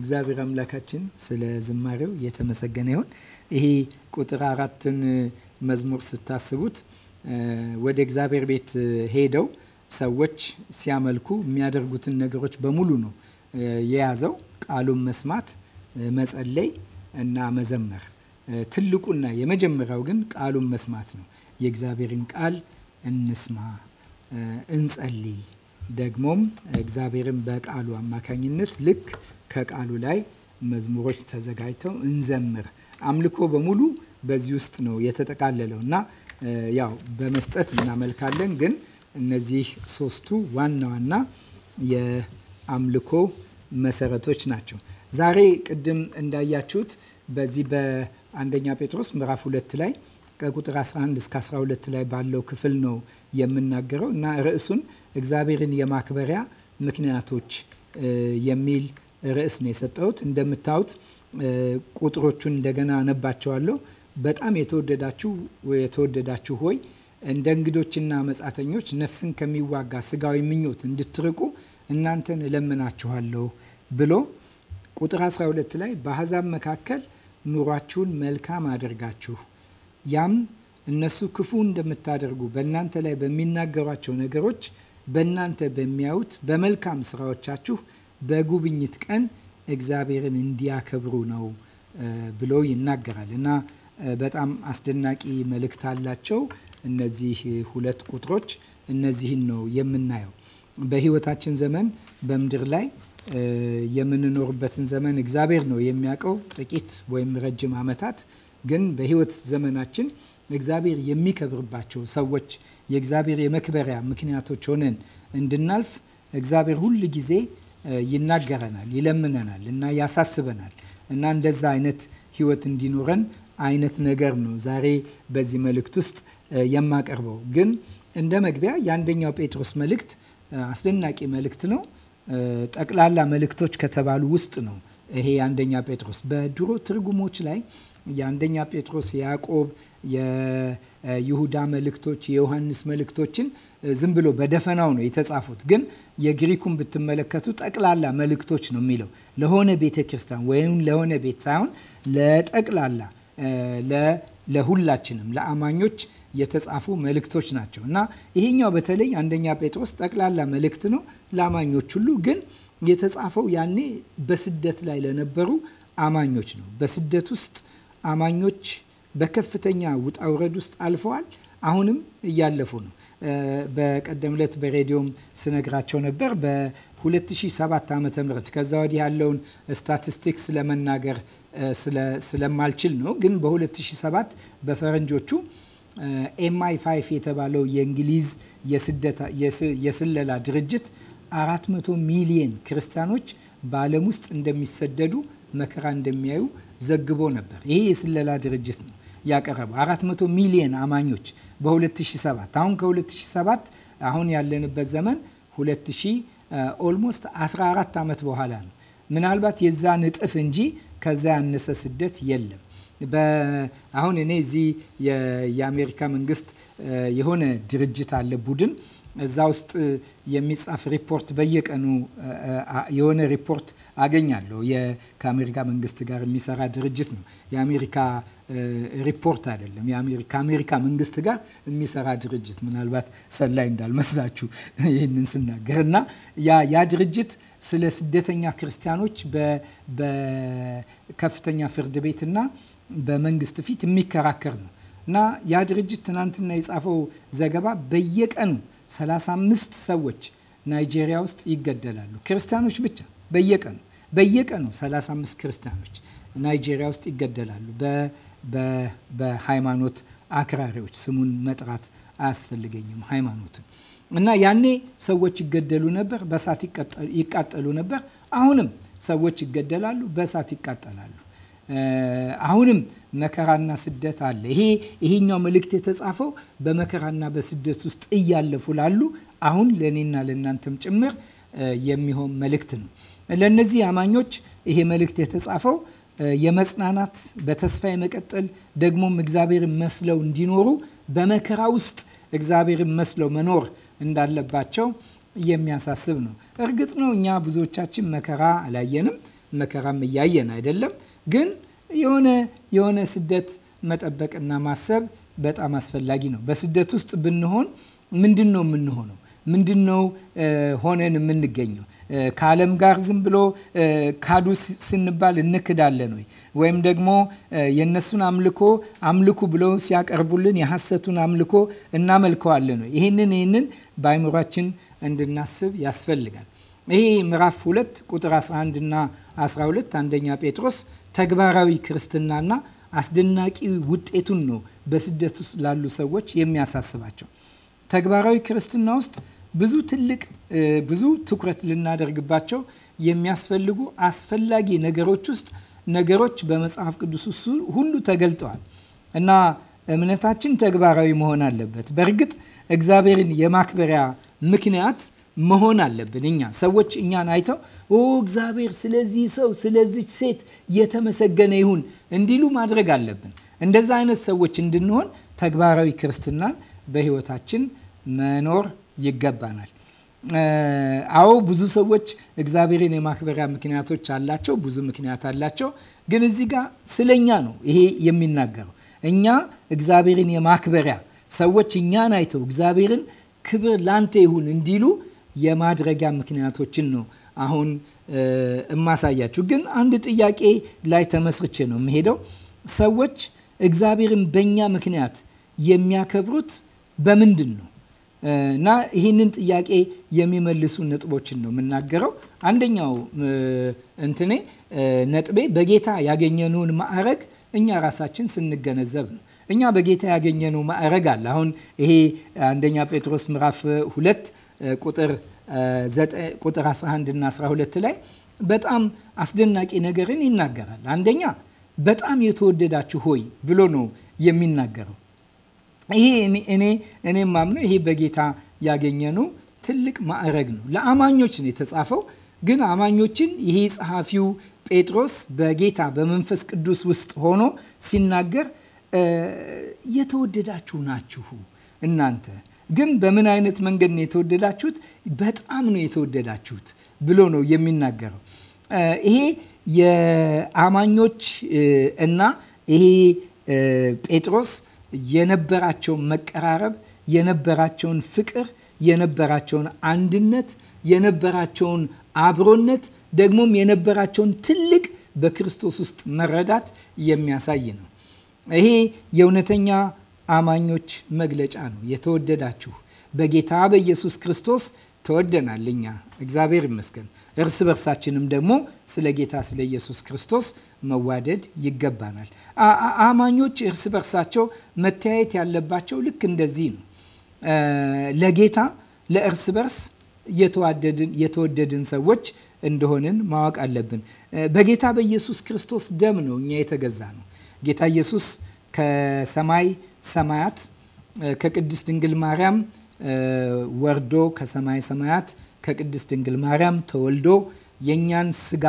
እግዚአብሔር አምላካችን ስለ ዝማሬው የተመሰገነ ይሁን። ይሄ ቁጥር አራትን መዝሙር ስታስቡት ወደ እግዚአብሔር ቤት ሄደው ሰዎች ሲያመልኩ የሚያደርጉትን ነገሮች በሙሉ ነው የያዘው። ቃሉን መስማት፣ መጸለይ እና መዘመር። ትልቁና የመጀመሪያው ግን ቃሉን መስማት ነው። የእግዚአብሔርን ቃል እንስማ፣ እንጸልይ ደግሞም እግዚአብሔርን በቃሉ አማካኝነት ልክ ከቃሉ ላይ መዝሙሮች ተዘጋጅተው እንዘምር። አምልኮ በሙሉ በዚህ ውስጥ ነው የተጠቃለለው እና ያው በመስጠት እናመልካለን። ግን እነዚህ ሶስቱ ዋና ዋና የአምልኮ መሰረቶች ናቸው። ዛሬ ቅድም እንዳያችሁት በዚህ በአንደኛ ጴጥሮስ ምዕራፍ ሁለት ላይ ከቁጥር 11 እስከ 12 ላይ ባለው ክፍል ነው የምናገረው እና ርዕሱን እግዚአብሔርን የማክበሪያ ምክንያቶች የሚል ርዕስ ነው የሰጠሁት። እንደምታዩት ቁጥሮቹን እንደገና አነባቸዋለሁ። በጣም የተወደዳችሁ የተወደዳችሁ ሆይ እንደ እንግዶችና መጻተኞች ነፍስን ከሚዋጋ ስጋዊ ምኞት እንድትርቁ እናንተን እለምናችኋለሁ ብሎ ቁጥር 12 ላይ በአሕዛብ መካከል ኑሯችሁን መልካም አድርጋችሁ ያም እነሱ ክፉ እንደምታደርጉ በእናንተ ላይ በሚናገሯቸው ነገሮች በእናንተ በሚያዩት በመልካም ስራዎቻችሁ በጉብኝት ቀን እግዚአብሔርን እንዲያከብሩ ነው ብሎ ይናገራል እና በጣም አስደናቂ መልእክት አላቸው እነዚህ ሁለት ቁጥሮች። እነዚህን ነው የምናየው በህይወታችን ዘመን በምድር ላይ የምንኖርበትን ዘመን እግዚአብሔር ነው የሚያውቀው። ጥቂት ወይም ረጅም ዓመታት ግን በህይወት ዘመናችን እግዚአብሔር የሚከብርባቸው ሰዎች የእግዚአብሔር የመክበሪያ ምክንያቶች ሆነን እንድናልፍ እግዚአብሔር ሁል ጊዜ ይናገረናል፣ ይለምነናል እና ያሳስበናል እና እንደዛ አይነት ህይወት እንዲኖረን አይነት ነገር ነው ዛሬ በዚህ መልእክት ውስጥ የማቀርበው። ግን እንደ መግቢያ የአንደኛው ጴጥሮስ መልእክት አስደናቂ መልእክት ነው። ጠቅላላ መልእክቶች ከተባሉ ውስጥ ነው ይሄ የአንደኛ ጴጥሮስ። በድሮ ትርጉሞች ላይ የአንደኛ ጴጥሮስ፣ የያዕቆብ፣ የይሁዳ መልእክቶች፣ የዮሐንስ መልእክቶችን ዝም ብሎ በደፈናው ነው የተጻፉት። ግን የግሪኩን ብትመለከቱ ጠቅላላ መልእክቶች ነው የሚለው ለሆነ ቤተ ክርስቲያን ወይም ለሆነ ቤት ሳይሆን ለጠቅላላ ለሁላችንም ለአማኞች የተጻፉ መልእክቶች ናቸው እና ይሄኛው በተለይ አንደኛ ጴጥሮስ ጠቅላላ መልእክት ነው ለአማኞች ሁሉ። ግን የተጻፈው ያኔ በስደት ላይ ለነበሩ አማኞች ነው በስደት ውስጥ አማኞች በከፍተኛ ውጣ ውረድ ውስጥ አልፈዋል። አሁንም እያለፉ ነው። በቀደም ዕለት በሬዲዮም ስነግራቸው ነበር። በ2007 ዓ ም ከዛ ወዲህ ያለውን ስታቲስቲክስ ለመናገር ስለማልችል ነው። ግን በ2007 በፈረንጆቹ ኤምአይ 5 የተባለው የእንግሊዝ የስለላ ድርጅት 400 ሚሊየን ክርስቲያኖች በዓለም ውስጥ እንደሚሰደዱ መከራ እንደሚያዩ ዘግቦ ነበር። ይሄ የስለላ ድርጅት ነው ያቀረበው 400 ሚሊዮን አማኞች በ2007 አሁን ከ2007 አሁን ያለንበት ዘመን 2000 ኦልሞስት 14 ዓመት በኋላ ነው። ምናልባት የዛ ንጥፍ እንጂ ከዛ ያነሰ ስደት የለም። አሁን እኔ እዚህ የአሜሪካ መንግስት የሆነ ድርጅት አለ ቡድን እዛ ውስጥ የሚጻፍ ሪፖርት በየቀኑ የሆነ ሪፖርት አገኛለሁ። ከአሜሪካ መንግስት ጋር የሚሰራ ድርጅት ነው። የአሜሪካ ሪፖርት አይደለም። ከአሜሪካ መንግስት ጋር የሚሰራ ድርጅት ምናልባት ሰላይ እንዳልመስላችሁ ይህንን ስናገር እና ያ ድርጅት ስለ ስደተኛ ክርስቲያኖች በከፍተኛ ፍርድ ቤትና በመንግስት ፊት የሚከራከር ነው እና ያ ድርጅት ትናንትና የጻፈው ዘገባ በየቀኑ 35 ሰዎች ናይጄሪያ ውስጥ ይገደላሉ ክርስቲያኖች ብቻ በየቀኑ በየቀኑ 35 ክርስቲያኖች ናይጄሪያ ውስጥ ይገደላሉ። በሃይማኖት አክራሪዎች ስሙን መጥራት አያስፈልገኝም ሃይማኖቱን እና ያኔ ሰዎች ይገደሉ ነበር፣ በእሳት ይቃጠሉ ነበር። አሁንም ሰዎች ይገደላሉ፣ በእሳት ይቃጠላሉ። አሁንም መከራና ስደት አለ። ይሄ ይሄኛው መልእክት የተጻፈው በመከራና በስደት ውስጥ እያለፉ ላሉ አሁን ለእኔና ለእናንተም ጭምር የሚሆን መልእክት ነው። ለእነዚህ አማኞች ይሄ መልእክት የተጻፈው የመጽናናት በተስፋ የመቀጠል ደግሞም እግዚአብሔርን መስለው እንዲኖሩ በመከራ ውስጥ እግዚአብሔርን መስለው መኖር እንዳለባቸው የሚያሳስብ ነው። እርግጥ ነው እኛ ብዙዎቻችን መከራ አላየንም፣ መከራም እያየን አይደለም። ግን የሆነ የሆነ ስደት መጠበቅና ማሰብ በጣም አስፈላጊ ነው። በስደት ውስጥ ብንሆን ምንድን ነው የምንሆነው? ምንድን ነው ሆነን የምንገኘው? ከዓለም ጋር ዝም ብሎ ካዱ ስንባል እንክዳለን ወይ? ወይም ደግሞ የእነሱን አምልኮ አምልኩ ብለው ሲያቀርቡልን የሐሰቱን አምልኮ እናመልከዋለን ወይ? ይህንን ይህንን በአይምሯችን እንድናስብ ያስፈልጋል። ይሄ ምዕራፍ 2 ቁጥር 11 እና 12 አንደኛ ጴጥሮስ ተግባራዊ ክርስትናና አስደናቂ ውጤቱን ነው በስደት ውስጥ ላሉ ሰዎች የሚያሳስባቸው። ተግባራዊ ክርስትና ውስጥ ብዙ ትልቅ ብዙ ትኩረት ልናደርግባቸው የሚያስፈልጉ አስፈላጊ ነገሮች ውስጥ ነገሮች በመጽሐፍ ቅዱስ ውስጥ ሁሉ ተገልጠዋል እና እምነታችን ተግባራዊ መሆን አለበት። በእርግጥ እግዚአብሔርን የማክበሪያ ምክንያት መሆን አለብን። እኛ ሰዎች እኛን አይተው ኦ እግዚአብሔር ስለዚህ ሰው ስለዚች ሴት የተመሰገነ ይሁን እንዲሉ ማድረግ አለብን። እንደዛ አይነት ሰዎች እንድንሆን ተግባራዊ ክርስትናን በህይወታችን መኖር ይገባናል። አዎ ብዙ ሰዎች እግዚአብሔርን የማክበሪያ ምክንያቶች አላቸው፣ ብዙ ምክንያት አላቸው። ግን እዚህ ጋር ስለኛ ነው ይሄ የሚናገረው። እኛ እግዚአብሔርን የማክበሪያ ሰዎች እኛን አይተው እግዚአብሔርን ክብር ላንተ ይሁን እንዲሉ የማድረጊያ ምክንያቶችን ነው አሁን እማሳያችሁ። ግን አንድ ጥያቄ ላይ ተመስርቼ ነው የምሄደው። ሰዎች እግዚአብሔርን በእኛ ምክንያት የሚያከብሩት በምንድን ነው? እና ይህንን ጥያቄ የሚመልሱ ነጥቦችን ነው የምናገረው። አንደኛው እንትኔ ነጥቤ በጌታ ያገኘነውን ማዕረግ እኛ ራሳችን ስንገነዘብ ነው። እኛ በጌታ ያገኘነው ማዕረግ አለ። አሁን ይሄ አንደኛ ጴጥሮስ ምዕራፍ ሁለት ቁጥር 11 እና 12 ላይ በጣም አስደናቂ ነገርን ይናገራል። አንደኛ በጣም የተወደዳችሁ ሆይ ብሎ ነው የሚናገረው። ይሄ እኔ እኔ ማምነው ይሄ በጌታ ያገኘነው ትልቅ ማዕረግ ነው። ለአማኞች ነው የተጻፈው። ግን አማኞችን ይሄ ጸሐፊው ጴጥሮስ በጌታ በመንፈስ ቅዱስ ውስጥ ሆኖ ሲናገር የተወደዳችሁ ናችሁ እናንተ ግን በምን አይነት መንገድ ነው የተወደዳችሁት? በጣም ነው የተወደዳችሁት ብሎ ነው የሚናገረው። ይሄ የአማኞች እና ይሄ ጴጥሮስ የነበራቸውን መቀራረብ፣ የነበራቸውን ፍቅር፣ የነበራቸውን አንድነት፣ የነበራቸውን አብሮነት ደግሞም የነበራቸውን ትልቅ በክርስቶስ ውስጥ መረዳት የሚያሳይ ነው። ይሄ የእውነተኛ አማኞች መግለጫ ነው። የተወደዳችሁ በጌታ በኢየሱስ ክርስቶስ ተወደናል። እኛ እግዚአብሔር ይመስገን። እርስ በርሳችንም ደግሞ ስለ ጌታ ስለ ኢየሱስ ክርስቶስ መዋደድ ይገባናል። አማኞች እርስ በርሳቸው መተያየት ያለባቸው ልክ እንደዚህ ነው። ለጌታ ለእርስ በርስ የተወደድን ሰዎች እንደሆንን ማወቅ አለብን። በጌታ በኢየሱስ ክርስቶስ ደም ነው እኛ የተገዛ ነው። ጌታ ኢየሱስ ከሰማይ ሰማያት ከቅድስት ድንግል ማርያም ወርዶ ከሰማይ ሰማያት ከቅድስት ድንግል ማርያም ተወልዶ የእኛን ስጋ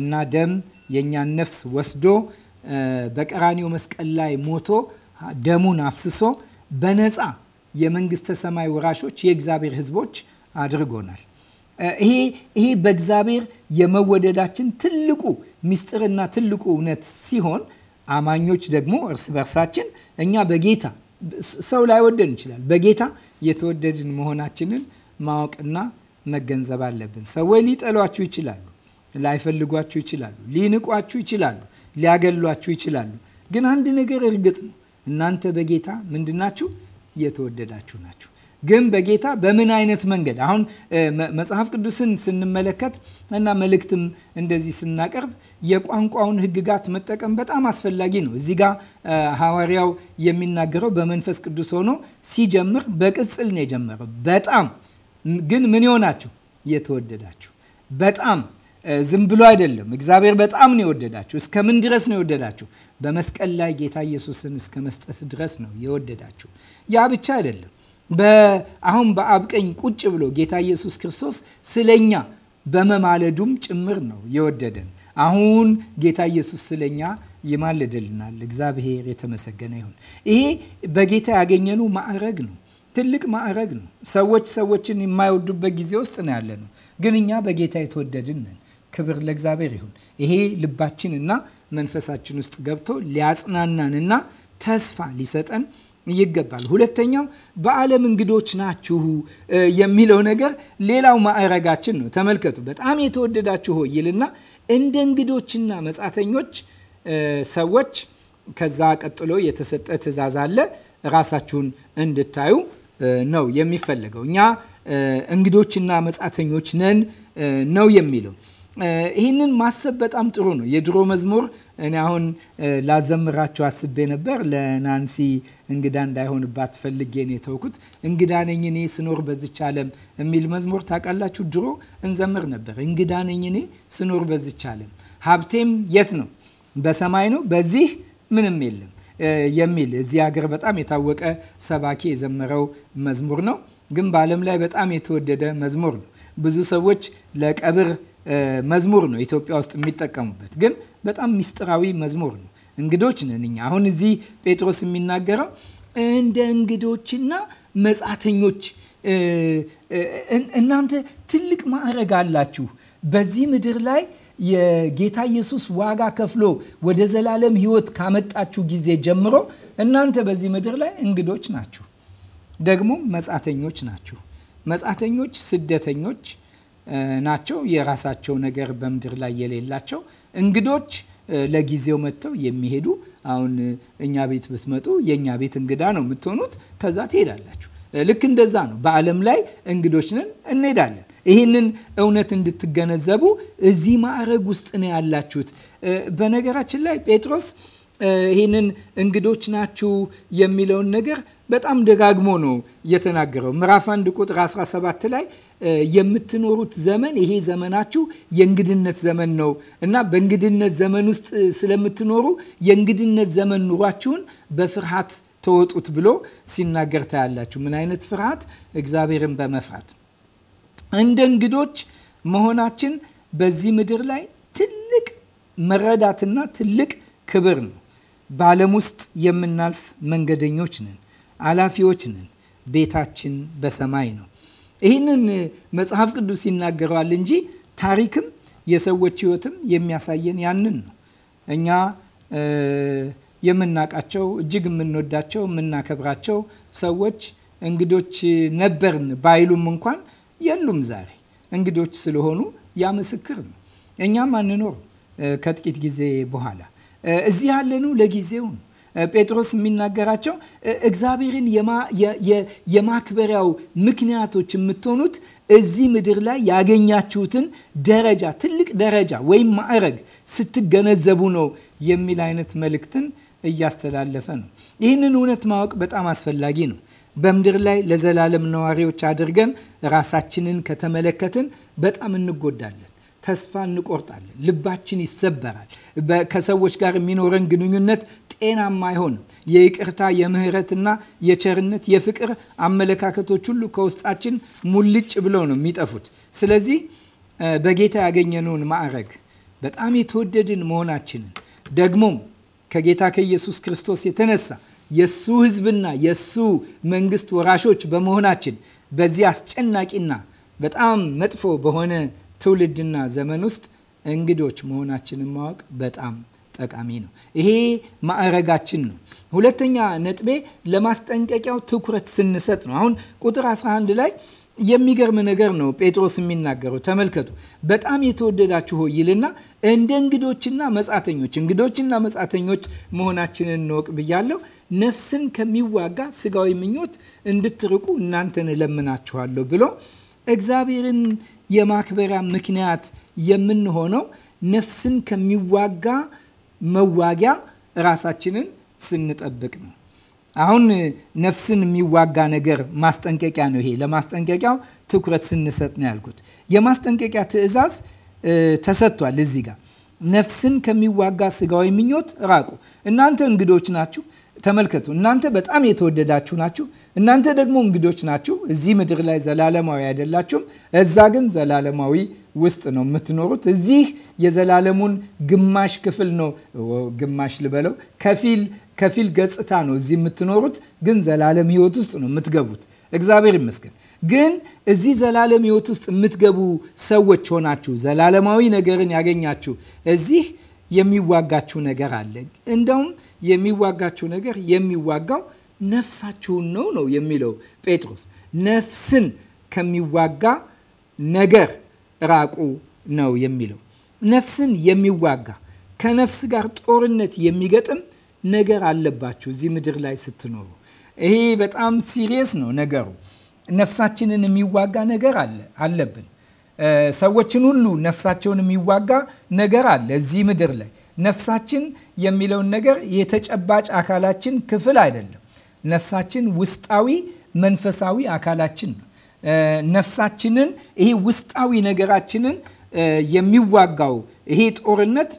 እና ደም የእኛን ነፍስ ወስዶ በቀራኒው መስቀል ላይ ሞቶ ደሙን አፍስሶ በነፃ የመንግስተ ሰማይ ወራሾች የእግዚአብሔር ህዝቦች አድርጎናል። ይሄ በእግዚአብሔር የመወደዳችን ትልቁ ምስጢርና ትልቁ እውነት ሲሆን አማኞች ደግሞ እርስ በርሳችን እኛ በጌታ ሰው ላይወደን ይችላል። በጌታ የተወደድን መሆናችንን ማወቅና መገንዘብ አለብን። ሰዎች ሊጠሏችሁ ይችላሉ። ላይፈልጓችሁ ይችላሉ፣ ሊንቋችሁ ይችላሉ፣ ሊያገሏችሁ ይችላሉ። ግን አንድ ነገር እርግጥ ነው፣ እናንተ በጌታ ምንድናችሁ? የተወደዳችሁ ናችሁ። ግን በጌታ በምን አይነት መንገድ? አሁን መጽሐፍ ቅዱስን ስንመለከት እና መልእክትም እንደዚህ ስናቀርብ የቋንቋውን ሕግጋት መጠቀም በጣም አስፈላጊ ነው። እዚህ ጋ ሐዋርያው የሚናገረው በመንፈስ ቅዱስ ሆኖ ሲጀምር በቅጽል ነው የጀመረው። በጣም ግን ምን ይሆናችሁ? የተወደዳችሁ በጣም ዝም ብሎ አይደለም። እግዚአብሔር በጣም ነው የወደዳችሁ። እስከ ምን ድረስ ነው የወደዳችሁ? በመስቀል ላይ ጌታ ኢየሱስን እስከ መስጠት ድረስ ነው የወደዳችሁ። ያ ብቻ አይደለም። አሁን በአብ ቀኝ ቁጭ ብሎ ጌታ ኢየሱስ ክርስቶስ ስለኛ በመማለዱም ጭምር ነው የወደደን። አሁን ጌታ ኢየሱስ ስለኛ ይማልድልናል። እግዚአብሔር የተመሰገነ ይሁን። ይሄ በጌታ ያገኘነው ማዕረግ ነው። ትልቅ ማዕረግ ነው። ሰዎች ሰዎችን የማይወዱበት ጊዜ ውስጥ ነው ያለ ነው። ግን እኛ በጌታ የተወደድን ነን። ክብር ለእግዚአብሔር ይሁን። ይሄ ልባችንና መንፈሳችን ውስጥ ገብቶ ሊያጽናናንና ተስፋ ሊሰጠን ይገባል። ሁለተኛው በዓለም እንግዶች ናችሁ የሚለው ነገር ሌላው ማዕረጋችን ነው። ተመልከቱ። በጣም የተወደዳችሁ ሆይ ይልና እንደ እንግዶችና መጻተኞች ሰዎች ከዛ ቀጥሎ የተሰጠ ትእዛዝ አለ። ራሳችሁን እንድታዩ ነው የሚፈለገው። እኛ እንግዶችና መጻተኞች ነን ነው የሚለው ይህንን ማሰብ በጣም ጥሩ ነው። የድሮ መዝሙር እኔ አሁን ላዘምራችሁ አስቤ ነበር። ለናንሲ እንግዳ እንዳይሆንባት ፈልጌ ነው የተውኩት። እንግዳ ነኝ እኔ ስኖር በዚች ዓለም የሚል መዝሙር ታውቃላችሁ? ድሮ እንዘምር ነበር። እንግዳ ነኝ እኔ ስኖር በዚች ዓለም፣ ሀብቴም የት ነው? በሰማይ ነው፣ በዚህ ምንም የለም የሚል እዚህ ሀገር በጣም የታወቀ ሰባኪ የዘመረው መዝሙር ነው። ግን በዓለም ላይ በጣም የተወደደ መዝሙር ነው። ብዙ ሰዎች ለቀብር መዝሙር ነው ኢትዮጵያ ውስጥ የሚጠቀሙበት፣ ግን በጣም ሚስጥራዊ መዝሙር ነው። እንግዶች ነን እኛ። አሁን እዚህ ጴጥሮስ የሚናገረው እንደ እንግዶችና መጻተኞች እናንተ ትልቅ ማዕረግ አላችሁ በዚህ ምድር ላይ የጌታ ኢየሱስ ዋጋ ከፍሎ ወደ ዘላለም ሕይወት ካመጣችሁ ጊዜ ጀምሮ እናንተ በዚህ ምድር ላይ እንግዶች ናችሁ፣ ደግሞ መጻተኞች ናችሁ። መጻተኞች ስደተኞች ናቸው። የራሳቸው ነገር በምድር ላይ የሌላቸው እንግዶች ለጊዜው መጥተው የሚሄዱ አሁን እኛ ቤት ብትመጡ የእኛ ቤት እንግዳ ነው የምትሆኑት። ከዛ ትሄዳላችሁ። ልክ እንደዛ ነው። በዓለም ላይ እንግዶች ነን፣ እንሄዳለን። ይህንን እውነት እንድትገነዘቡ እዚህ ማዕረግ ውስጥ ነው ያላችሁት። በነገራችን ላይ ጴጥሮስ ይህንን እንግዶች ናችሁ የሚለውን ነገር በጣም ደጋግሞ ነው የተናገረው። ምዕራፍ 1 ቁጥር 17 ላይ የምትኖሩት ዘመን ይሄ ዘመናችሁ የእንግድነት ዘመን ነው እና በእንግድነት ዘመን ውስጥ ስለምትኖሩ የእንግድነት ዘመን ኑሯችሁን በፍርሃት ተወጡት ብሎ ሲናገር ታያላችሁ። ምን አይነት ፍርሃት? እግዚአብሔርን በመፍራት እንደ እንግዶች መሆናችን በዚህ ምድር ላይ ትልቅ መረዳትና ትልቅ ክብር ነው። በዓለም ውስጥ የምናልፍ መንገደኞች ነን። አላፊዎች ነን። ቤታችን በሰማይ ነው። ይህንን መጽሐፍ ቅዱስ ይናገረዋል እንጂ ታሪክም የሰዎች ሕይወትም የሚያሳየን ያንን ነው። እኛ የምናውቃቸው እጅግ የምንወዳቸው የምናከብራቸው ሰዎች እንግዶች ነበርን ባይሉም እንኳን የሉም ዛሬ እንግዶች ስለሆኑ ያ ምስክር ነው። እኛም አንኖርም ከጥቂት ጊዜ በኋላ እዚህ ያለነው ለጊዜው ነው። ጴጥሮስ የሚናገራቸው እግዚአብሔርን የማክበሪያው ምክንያቶች የምትሆኑት እዚህ ምድር ላይ ያገኛችሁትን ደረጃ ትልቅ ደረጃ ወይም ማዕረግ ስትገነዘቡ ነው የሚል አይነት መልእክትን እያስተላለፈ ነው። ይህንን እውነት ማወቅ በጣም አስፈላጊ ነው። በምድር ላይ ለዘላለም ነዋሪዎች አድርገን ራሳችንን ከተመለከትን በጣም እንጎዳለን። ተስፋ እንቆርጣለን። ልባችን ይሰበራል። ከሰዎች ጋር የሚኖረን ግንኙነት ጤናማ አይሆንም። የይቅርታ የምህረትና የቸርነት የፍቅር አመለካከቶች ሁሉ ከውስጣችን ሙልጭ ብለው ነው የሚጠፉት። ስለዚህ በጌታ ያገኘነውን ማዕረግ በጣም የተወደድን መሆናችንን ደግሞም ከጌታ ከኢየሱስ ክርስቶስ የተነሳ የሱ ህዝብና የሱ መንግስት ወራሾች በመሆናችን በዚህ አስጨናቂና በጣም መጥፎ በሆነ ትውልድና ዘመን ውስጥ እንግዶች መሆናችንን ማወቅ በጣም ጠቃሚ ነው። ይሄ ማዕረጋችን ነው። ሁለተኛ ነጥቤ ለማስጠንቀቂያው ትኩረት ስንሰጥ ነው። አሁን ቁጥር 11 ላይ የሚገርም ነገር ነው ጴጥሮስ የሚናገረው ተመልከቱ። በጣም የተወደዳችሁ ሆይ ይልና እንደ እንግዶችና መጻተኞች እንግዶችና መጻተኞች መሆናችንን እንወቅ ብያለሁ። ነፍስን ከሚዋጋ ስጋዊ ምኞት እንድትርቁ እናንተን እለምናችኋለሁ ብሎ እግዚአብሔርን የማክበሪያ ምክንያት የምንሆነው ነፍስን ከሚዋጋ መዋጊያ ራሳችንን ስንጠብቅ ነው። አሁን ነፍስን የሚዋጋ ነገር ማስጠንቀቂያ ነው። ይሄ ለማስጠንቀቂያው ትኩረት ስንሰጥ ነው ያልኩት። የማስጠንቀቂያ ትዕዛዝ ተሰጥቷል እዚህ ጋር ነፍስን ከሚዋጋ ስጋዊ ምኞት ራቁ። እናንተ እንግዶች ናችሁ። ተመልከቱ፣ እናንተ በጣም የተወደዳችሁ ናችሁ። እናንተ ደግሞ እንግዶች ናችሁ። እዚህ ምድር ላይ ዘላለማዊ አይደላችሁም፣ እዛ ግን ዘላለማዊ ውስጥ ነው የምትኖሩት። እዚህ የዘላለሙን ግማሽ ክፍል ነው ግማሽ ልበለው ከፊል ከፊል ገጽታ ነው እዚህ የምትኖሩት፣ ግን ዘላለም ህይወት ውስጥ ነው የምትገቡት። እግዚአብሔር ይመስገን። ግን እዚህ ዘላለም ህይወት ውስጥ የምትገቡ ሰዎች ሆናችሁ ዘላለማዊ ነገርን ያገኛችሁ እዚህ የሚዋጋችሁ ነገር አለ። እንደውም የሚዋጋችሁ ነገር የሚዋጋው ነፍሳችሁን ነው ነው የሚለው ጴጥሮስ ነፍስን ከሚዋጋ ነገር ራቁ ነው የሚለው። ነፍስን የሚዋጋ ከነፍስ ጋር ጦርነት የሚገጥም ነገር አለባችሁ እዚህ ምድር ላይ ስትኖሩ። ይሄ በጣም ሲሪየስ ነው ነገሩ። ነፍሳችንን የሚዋጋ ነገር አለ አለብን። ሰዎችን ሁሉ ነፍሳቸውን የሚዋጋ ነገር አለ እዚህ ምድር ላይ። ነፍሳችን የሚለውን ነገር የተጨባጭ አካላችን ክፍል አይደለም። ነፍሳችን ውስጣዊ መንፈሳዊ አካላችን ነው። ነፍሳችንን ይሄ ውስጣዊ ነገራችንን የሚዋጋው ይሄ ጦርነት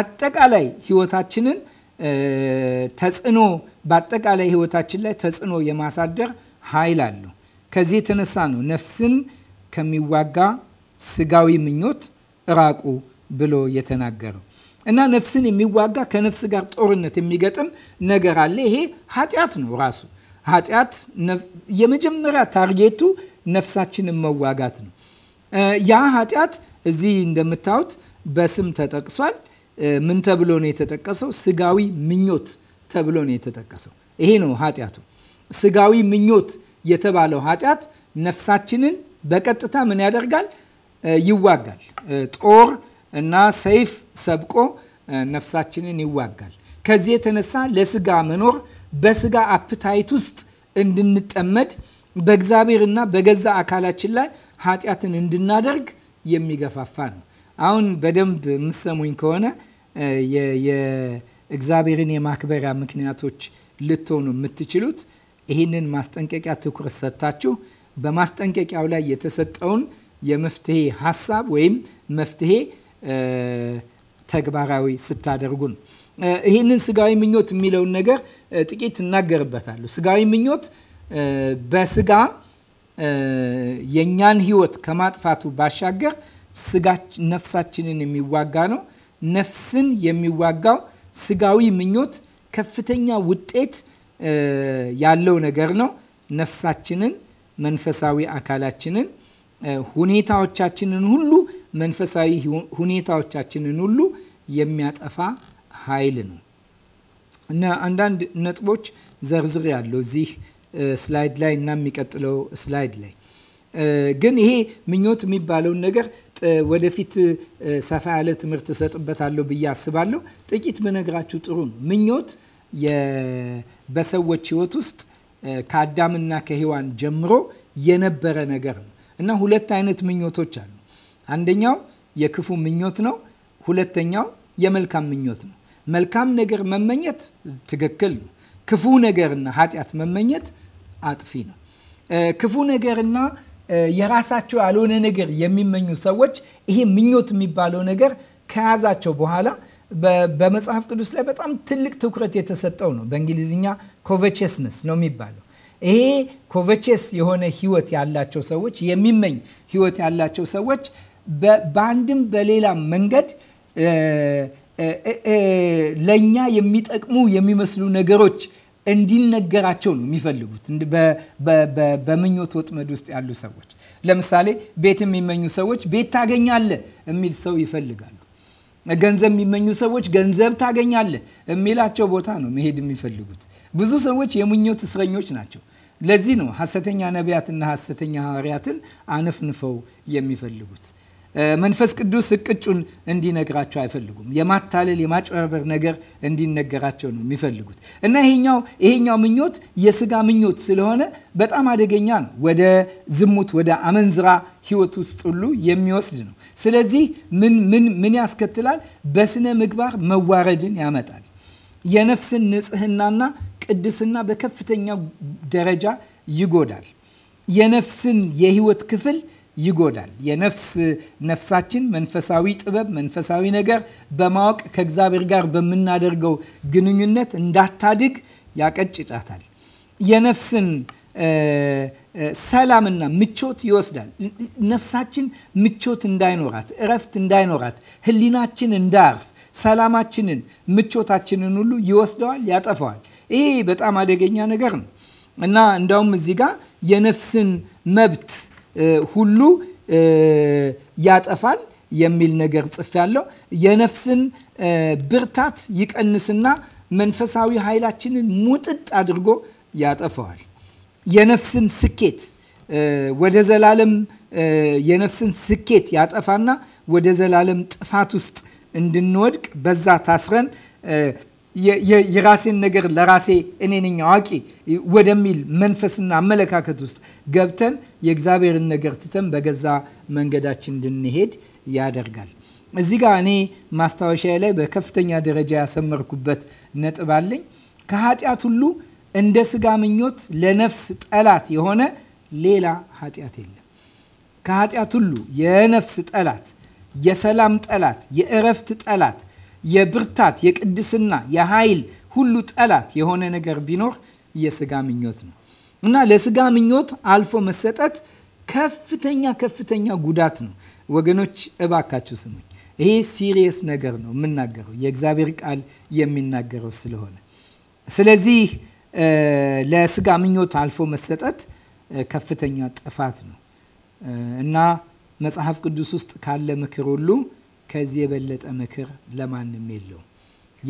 አጠቃላይ ህይወታችንን ተጽዕኖ በአጠቃላይ ህይወታችን ላይ ተጽዕኖ የማሳደር ኃይል አለው። ከዚህ የተነሳ ነው ነፍስን ከሚዋጋ ስጋዊ ምኞት እራቁ ብሎ የተናገረው እና ነፍስን የሚዋጋ ከነፍስ ጋር ጦርነት የሚገጥም ነገር አለ። ይሄ ኃጢአት ነው ራሱ ኃጢአት የመጀመሪያ ታርጌቱ ነፍሳችንን መዋጋት ነው። ያ ኃጢአት እዚህ እንደምታዩት በስም ተጠቅሷል። ምን ተብሎ ነው የተጠቀሰው? ስጋዊ ምኞት ተብሎ ነው የተጠቀሰው። ይሄ ነው ኃጢአቱ። ስጋዊ ምኞት የተባለው ኃጢአት ነፍሳችንን በቀጥታ ምን ያደርጋል? ይዋጋል። ጦር እና ሰይፍ ሰብቆ ነፍሳችንን ይዋጋል። ከዚህ የተነሳ ለስጋ መኖር በስጋ አፕታይት ውስጥ እንድንጠመድ በእግዚአብሔርና በገዛ አካላችን ላይ ኃጢአትን እንድናደርግ የሚገፋፋ ነው። አሁን በደንብ የምትሰሙኝ ከሆነ የእግዚአብሔርን የማክበሪያ ምክንያቶች ልትሆኑ የምትችሉት ይህንን ማስጠንቀቂያ ትኩረት ሰጥታችሁ በማስጠንቀቂያው ላይ የተሰጠውን የመፍትሄ ሀሳብ ወይም መፍትሄ ተግባራዊ ስታደርጉ ነው። ይህንን ስጋዊ ምኞት የሚለውን ነገር ጥቂት እናገርበታለሁ። ስጋዊ ምኞት በስጋ የእኛን ህይወት ከማጥፋቱ ባሻገር ነፍሳችንን የሚዋጋ ነው። ነፍስን የሚዋጋው ስጋዊ ምኞት ከፍተኛ ውጤት ያለው ነገር ነው። ነፍሳችንን፣ መንፈሳዊ አካላችንን፣ ሁኔታዎቻችንን ሁሉ መንፈሳዊ ሁኔታዎቻችንን ሁሉ የሚያጠፋ ኃይል ነው እና አንዳንድ ነጥቦች ዘርዝር ያለው እዚህ ስላይድ ላይ እና የሚቀጥለው ስላይድ ላይ ግን ይሄ ምኞት የሚባለውን ነገር ወደፊት ሰፋ ያለ ትምህርት እሰጥበታለሁ ብዬ አስባለሁ። ጥቂት በነግራችሁ ጥሩ ነው። ምኞት በሰዎች ህይወት ውስጥ ከአዳምና ከሔዋን ጀምሮ የነበረ ነገር ነው እና ሁለት አይነት ምኞቶች አሉ። አንደኛው የክፉ ምኞት ነው። ሁለተኛው የመልካም ምኞት ነው። መልካም ነገር መመኘት ትክክል ነው። ክፉ ነገርና ኃጢአት መመኘት አጥፊ ነው። ክፉ ነገርና የራሳቸው ያልሆነ ነገር የሚመኙ ሰዎች ይሄ ምኞት የሚባለው ነገር ከያዛቸው በኋላ በመጽሐፍ ቅዱስ ላይ በጣም ትልቅ ትኩረት የተሰጠው ነው። በእንግሊዝኛ ኮቨቼስነስ ነው የሚባለው። ይሄ ኮቨቼስ የሆነ ህይወት ያላቸው ሰዎች የሚመኝ ህይወት ያላቸው ሰዎች በአንድም በሌላም መንገድ ለእኛ የሚጠቅሙ የሚመስሉ ነገሮች እንዲነገራቸው ነው የሚፈልጉት። በምኞት ወጥመድ ውስጥ ያሉ ሰዎች ለምሳሌ ቤት የሚመኙ ሰዎች ቤት ታገኛለህ የሚል ሰው ይፈልጋሉ። ገንዘብ የሚመኙ ሰዎች ገንዘብ ታገኛለህ የሚላቸው ቦታ ነው መሄድ የሚፈልጉት። ብዙ ሰዎች የምኞት እስረኞች ናቸው። ለዚህ ነው ሐሰተኛ ነቢያትና ሐሰተኛ ሐዋርያትን አነፍንፈው የሚፈልጉት። መንፈስ ቅዱስ እቅጩን እንዲነግራቸው አይፈልጉም። የማታለል የማጭበርበር ነገር እንዲነገራቸው ነው የሚፈልጉት እና ይሄኛው ይሄኛው ምኞት የስጋ ምኞት ስለሆነ በጣም አደገኛ ነው። ወደ ዝሙት፣ ወደ አመንዝራ ህይወት ውስጥ ሁሉ የሚወስድ ነው። ስለዚህ ምን ምን ምን ያስከትላል? በስነ ምግባር መዋረድን ያመጣል። የነፍስን ንጽህናና ቅድስና በከፍተኛ ደረጃ ይጎዳል። የነፍስን የህይወት ክፍል ይጎዳል። የነፍስ ነፍሳችን መንፈሳዊ ጥበብ፣ መንፈሳዊ ነገር በማወቅ ከእግዚአብሔር ጋር በምናደርገው ግንኙነት እንዳታድግ ያቀጭጫታል። የነፍስን ሰላምና ምቾት ይወስዳል። ነፍሳችን ምቾት እንዳይኖራት፣ እረፍት እንዳይኖራት፣ ህሊናችን እንዳያርፍ ሰላማችንን፣ ምቾታችንን ሁሉ ይወስደዋል፣ ያጠፈዋል። ይሄ በጣም አደገኛ ነገር ነው እና እንዳውም እዚህ ጋር የነፍስን መብት ሁሉ ያጠፋል የሚል ነገር ጽፍ ያለው የነፍስን ብርታት ይቀንስና መንፈሳዊ ኃይላችንን ሙጥጥ አድርጎ ያጠፈዋል። የነፍስን ስኬት ወደ ዘላለም የነፍስን ስኬት ያጠፋና ወደ ዘላለም ጥፋት ውስጥ እንድንወድቅ በዛ ታስረን የራሴን ነገር ለራሴ እኔ ነኝ አዋቂ ወደሚል መንፈስና አመለካከት ውስጥ ገብተን የእግዚአብሔርን ነገር ትተን በገዛ መንገዳችን እንድንሄድ ያደርጋል። እዚህ ጋር እኔ ማስታወሻ ላይ በከፍተኛ ደረጃ ያሰመርኩበት ነጥብ አለኝ። ከኃጢአት ሁሉ እንደ ስጋ ምኞት ለነፍስ ጠላት የሆነ ሌላ ኃጢአት የለም። ከኃጢአት ሁሉ የነፍስ ጠላት፣ የሰላም ጠላት፣ የእረፍት ጠላት የብርታት የቅድስና የኃይል ሁሉ ጠላት የሆነ ነገር ቢኖር የስጋ ምኞት ነው እና ለስጋ ምኞት አልፎ መሰጠት ከፍተኛ ከፍተኛ ጉዳት ነው። ወገኖች እባካችሁ ስሙኝ። ይሄ ሲሪየስ ነገር ነው የምናገረው የእግዚአብሔር ቃል የሚናገረው ስለሆነ ስለዚህ ለስጋ ምኞት አልፎ መሰጠት ከፍተኛ ጥፋት ነው እና መጽሐፍ ቅዱስ ውስጥ ካለ ምክር ሁሉ ከዚህ የበለጠ ምክር ለማንም የለው።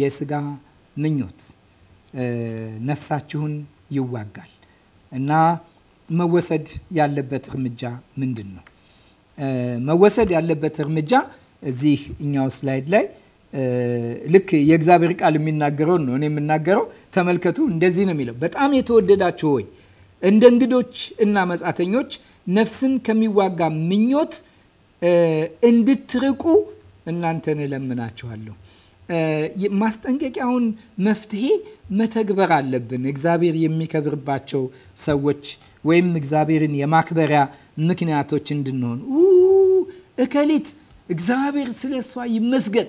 የስጋ ምኞት ነፍሳችሁን ይዋጋል እና መወሰድ ያለበት እርምጃ ምንድን ነው? መወሰድ ያለበት እርምጃ እዚህ እኛው ስላይድ ላይ ልክ የእግዚአብሔር ቃል የሚናገረው ነው እኔ የምናገረው። ተመልከቱ፣ እንደዚህ ነው የሚለው በጣም የተወደዳችሁ ሆይ እንደ እንግዶች እና መጻተኞች ነፍስን ከሚዋጋ ምኞት እንድትርቁ እናንተን እለምናችኋለሁ። ማስጠንቀቂያውን መፍትሄ መተግበር አለብን። እግዚአብሔር የሚከብርባቸው ሰዎች ወይም እግዚአብሔርን የማክበሪያ ምክንያቶች እንድንሆን እከሊት እግዚአብሔር ስለ እሷ ይመስገን፣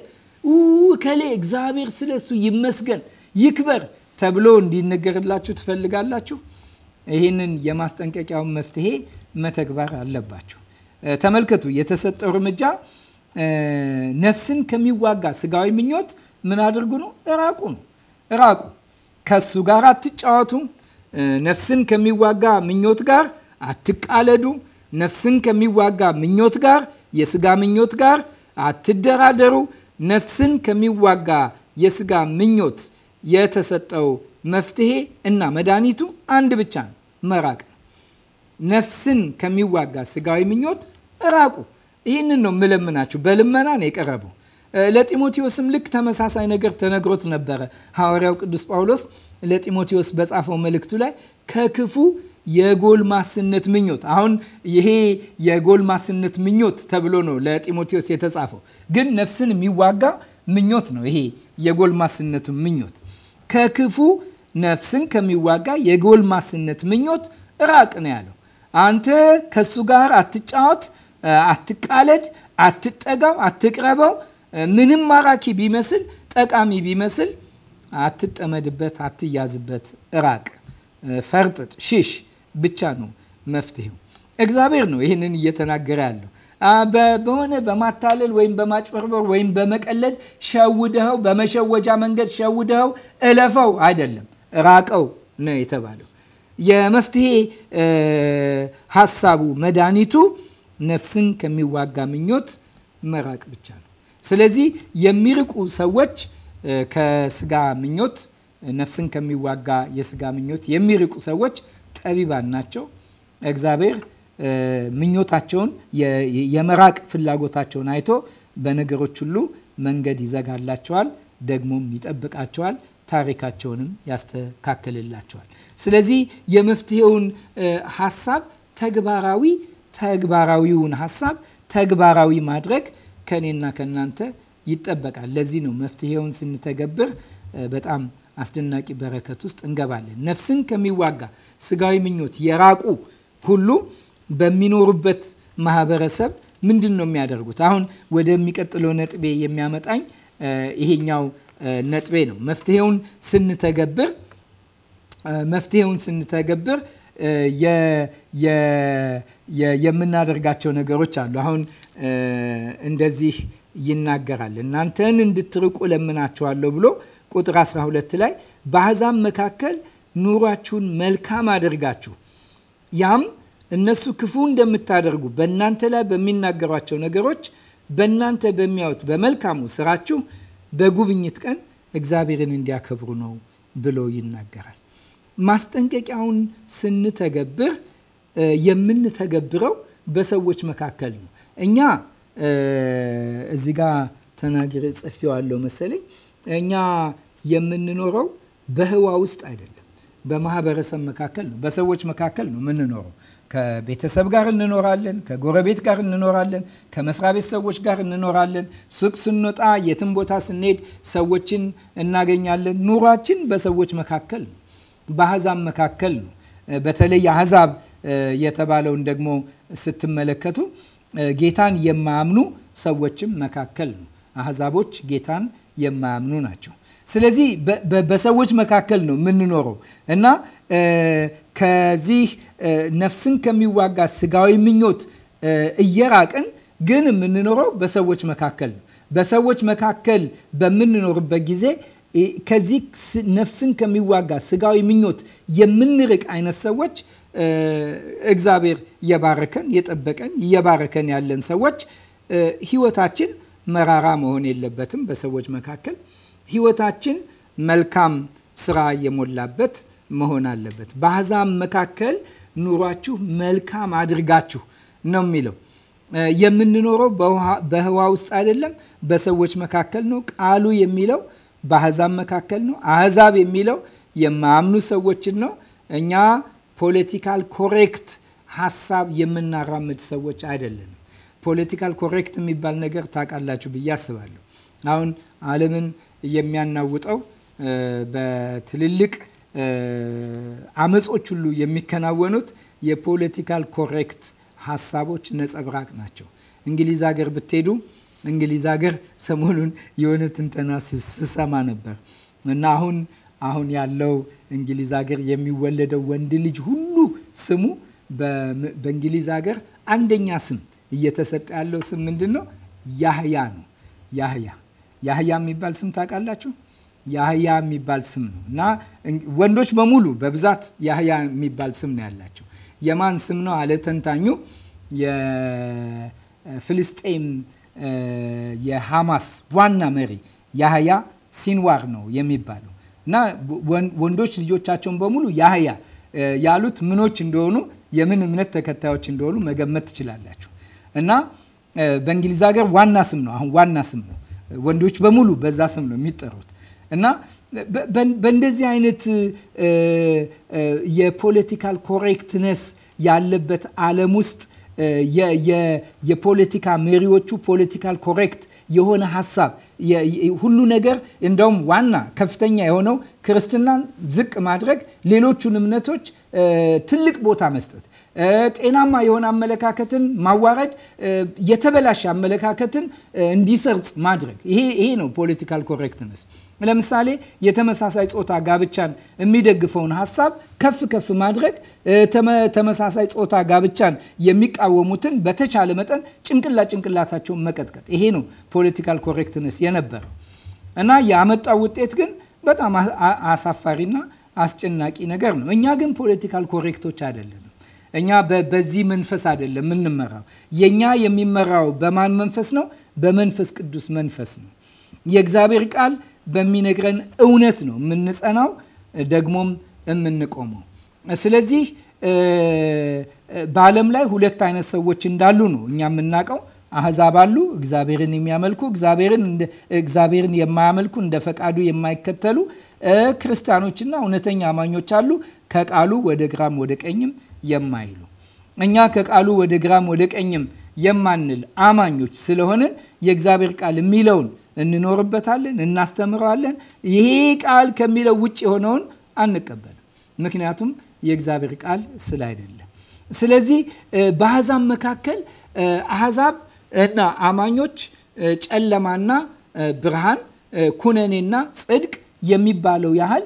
እከሌ እግዚአብሔር ስለ እሱ ይመስገን ይክበር ተብሎ እንዲነገርላችሁ ትፈልጋላችሁ? ይህንን የማስጠንቀቂያውን መፍትሄ መተግበር አለባችሁ። ተመልከቱ፣ የተሰጠው እርምጃ ነፍስን ከሚዋጋ ስጋዊ ምኞት ምን አድርጉ ነው? እራቁ ነው። እራቁ። ከሱ ጋር አትጫወቱ። ነፍስን ከሚዋጋ ምኞት ጋር አትቃለዱ። ነፍስን ከሚዋጋ ምኞት ጋር፣ የስጋ ምኞት ጋር አትደራደሩ። ነፍስን ከሚዋጋ የስጋ ምኞት የተሰጠው መፍትሄ እና መድኃኒቱ አንድ ብቻ ነው፣ መራቅ ነው። ነፍስን ከሚዋጋ ስጋዊ ምኞት እራቁ። ይህንን ነው የምለምናችሁ። በልመና ነው የቀረበው። ለጢሞቴዎስም ልክ ተመሳሳይ ነገር ተነግሮት ነበረ። ሐዋርያው ቅዱስ ጳውሎስ ለጢሞቴዎስ በጻፈው መልእክቱ ላይ ከክፉ የጎልማስነት ምኞት አሁን ይሄ የጎልማስነት ምኞት ተብሎ ነው ለጢሞቴዎስ የተጻፈው፣ ግን ነፍስን የሚዋጋ ምኞት ነው ይሄ የጎልማስነቱ ምኞት። ከክፉ ነፍስን ከሚዋጋ የጎልማስነት ምኞት ራቅ ነው ያለው። አንተ ከሱ ጋር አትጫወት አትቃለድ፣ አትጠጋው፣ አትቅረበው። ምንም ማራኪ ቢመስል ጠቃሚ ቢመስል አትጠመድበት፣ አትያዝበት፣ እራቅ፣ ፈርጥጥ፣ ሽሽ ብቻ ነው መፍትሄው። እግዚአብሔር ነው ይህንን እየተናገረ ያለው። በሆነ በማታለል ወይም በማጭበርበር ወይም በመቀለድ ሸውደኸው፣ በመሸወጃ መንገድ ሸውደኸው እለፈው አይደለም፣ ራቀው ነው የተባለው። የመፍትሄ ሀሳቡ መድኃኒቱ ነፍስን ከሚዋጋ ምኞት መራቅ ብቻ ነው። ስለዚህ የሚርቁ ሰዎች ከስጋ ምኞት ነፍስን ከሚዋጋ የስጋ ምኞት የሚርቁ ሰዎች ጠቢባን ናቸው። እግዚአብሔር ምኞታቸውን የመራቅ ፍላጎታቸውን አይቶ በነገሮች ሁሉ መንገድ ይዘጋላቸዋል፣ ደግሞም ይጠብቃቸዋል፣ ታሪካቸውንም ያስተካክልላቸዋል። ስለዚህ የመፍትሄውን ሀሳብ ተግባራዊ ተግባራዊውን ሀሳብ ተግባራዊ ማድረግ ከእኔና ከእናንተ ይጠበቃል። ለዚህ ነው መፍትሄውን ስንተገብር በጣም አስደናቂ በረከት ውስጥ እንገባለን። ነፍስን ከሚዋጋ ስጋዊ ምኞት የራቁ ሁሉ በሚኖሩበት ማህበረሰብ ምንድን ነው የሚያደርጉት? አሁን ወደሚቀጥለው ነጥቤ የሚያመጣኝ ይሄኛው ነጥቤ ነው። መፍትሄውን ስንተገብር መፍትሄውን ስንተገብር የምናደርጋቸው ነገሮች አሉ። አሁን እንደዚህ ይናገራል። እናንተን እንድትርቁ ለምናችኋለሁ ብሎ ቁጥር 12 ላይ በአሕዛብ መካከል ኑሯችሁን መልካም አድርጋችሁ ያም እነሱ ክፉ እንደምታደርጉ በእናንተ ላይ በሚናገሯቸው ነገሮች በእናንተ በሚያዩት በመልካሙ ስራችሁ በጉብኝት ቀን እግዚአብሔርን እንዲያከብሩ ነው ብሎ ይናገራል። ማስጠንቀቂያውን ስንተገብር የምንተገብረው በሰዎች መካከል ነው። እኛ እዚ ጋ ተናግሬ ጽፌዋለሁ መሰለኝ። እኛ የምንኖረው በህዋ ውስጥ አይደለም፣ በማህበረሰብ መካከል ነው፣ በሰዎች መካከል ነው የምንኖረው። ከቤተሰብ ጋር እንኖራለን። ከጎረቤት ጋር እንኖራለን። ከመስሪያ ቤት ሰዎች ጋር እንኖራለን። ሱቅ ስንወጣ፣ የትም ቦታ ስንሄድ ሰዎችን እናገኛለን። ኑሯችን በሰዎች መካከል ነው፣ በአሕዛብ መካከል ነው፣ በተለይ አህዛብ የተባለውን ደግሞ ስትመለከቱ ጌታን የማያምኑ ሰዎችም መካከል ነው። አህዛቦች ጌታን የማያምኑ ናቸው። ስለዚህ በሰዎች መካከል ነው የምንኖረው እና ከዚህ ነፍስን ከሚዋጋ ስጋዊ ምኞት እየራቅን ግን የምንኖረው በሰዎች መካከል ነው። በሰዎች መካከል በምንኖርበት ጊዜ ከዚህ ነፍስን ከሚዋጋ ስጋዊ ምኞት የምንርቅ አይነት ሰዎች እግዚአብሔር እየባረከን የጠበቀን እየባረከን ያለን ሰዎች ህይወታችን መራራ መሆን የለበትም። በሰዎች መካከል ህይወታችን መልካም ስራ የሞላበት መሆን አለበት። በአሕዛብ መካከል ኑሯችሁ መልካም አድርጋችሁ ነው የሚለው። የምንኖረው በህዋ ውስጥ አይደለም፣ በሰዎች መካከል ነው። ቃሉ የሚለው በአህዛብ መካከል ነው። አህዛብ የሚለው የማያምኑ ሰዎችን ነው። እኛ ፖለቲካል ኮሬክት ሀሳብ የምናራምድ ሰዎች አይደለንም። ፖለቲካል ኮሬክት የሚባል ነገር ታውቃላችሁ ብዬ አስባለሁ። አሁን ዓለምን የሚያናውጠው በትልልቅ አመጾች ሁሉ የሚከናወኑት የፖለቲካል ኮሬክት ሀሳቦች ነጸብራቅ ናቸው። እንግሊዝ ሀገር ብትሄዱ እንግሊዝ ሀገር ሰሞኑን የሆነ ትንተና ስሰማ ነበር እና አሁን አሁን ያለው እንግሊዝ ሀገር የሚወለደው ወንድ ልጅ ሁሉ ስሙ በእንግሊዝ ሀገር አንደኛ ስም እየተሰጠ ያለው ስም ምንድን ነው? ያህያ ነው። ያህያ ያህያ የሚባል ስም ታውቃላችሁ? ያህያ የሚባል ስም ነው እና ወንዶች በሙሉ በብዛት ያህያ የሚባል ስም ነው ያላቸው። የማን ስም ነው አለ ተንታኙ። የፍልስጤም የሐማስ ዋና መሪ ያህያ ሲንዋር ነው የሚባለው እና ወንዶች ልጆቻቸውን በሙሉ ያህያ ያሉት ምኖች እንደሆኑ የምን እምነት ተከታዮች እንደሆኑ መገመት ትችላላችሁ። እና በእንግሊዝ ሀገር ዋና ስም ነው። አሁን ዋና ስም ነው። ወንዶች በሙሉ በዛ ስም ነው የሚጠሩት እና በእንደዚህ አይነት የፖለቲካል ኮሬክትነስ ያለበት ዓለም ውስጥ የፖለቲካ መሪዎቹ ፖለቲካል ኮሬክት የሆነ ሀሳብ ሁሉ ነገር እንደውም ዋና ከፍተኛ የሆነው ክርስትናን ዝቅ ማድረግ፣ ሌሎቹን እምነቶች ትልቅ ቦታ መስጠት፣ ጤናማ የሆነ አመለካከትን ማዋረድ፣ የተበላሸ አመለካከትን እንዲሰርጽ ማድረግ። ይሄ ነው ፖለቲካል ኮሬክትነስ። ለምሳሌ የተመሳሳይ ጾታ ጋብቻን የሚደግፈውን ሀሳብ ከፍ ከፍ ማድረግ፣ ተመሳሳይ ጾታ ጋብቻን የሚቃወሙትን በተቻለ መጠን ጭንቅላ ጭንቅላታቸውን መቀጥቀጥ። ይሄ ነው ፖለቲካል ኮሬክትነስ የነበረው እና ያመጣው ውጤት ግን በጣም አሳፋሪና አስጨናቂ ነገር ነው። እኛ ግን ፖለቲካል ኮሬክቶች አይደለንም። እኛ በዚህ መንፈስ አይደለም የምንመራው። የእኛ የሚመራው በማን መንፈስ ነው? በመንፈስ ቅዱስ መንፈስ ነው። የእግዚአብሔር ቃል በሚነግረን እውነት ነው የምንጸናው ደግሞም የምንቆመው። ስለዚህ በዓለም ላይ ሁለት አይነት ሰዎች እንዳሉ ነው እኛ የምናውቀው። አህዛብ አሉ። እግዚአብሔርን የሚያመልኩ እግዚአብሔርን የማያመልኩ እንደ ፈቃዱ የማይከተሉ ክርስቲያኖችና እውነተኛ አማኞች አሉ። ከቃሉ ወደ ግራም ወደ ቀኝም የማይሉ እኛ ከቃሉ ወደ ግራም ወደ ቀኝም የማንል አማኞች ስለሆንን የእግዚአብሔር ቃል የሚለውን እንኖርበታለን፣ እናስተምረዋለን። ይሄ ቃል ከሚለው ውጭ የሆነውን አንቀበልም። ምክንያቱም የእግዚአብሔር ቃል ስለ አይደለም። ስለዚህ በአህዛብ መካከል አህዛብ እና አማኞች ጨለማና ብርሃን፣ ኩነኔና ጽድቅ የሚባለው ያህል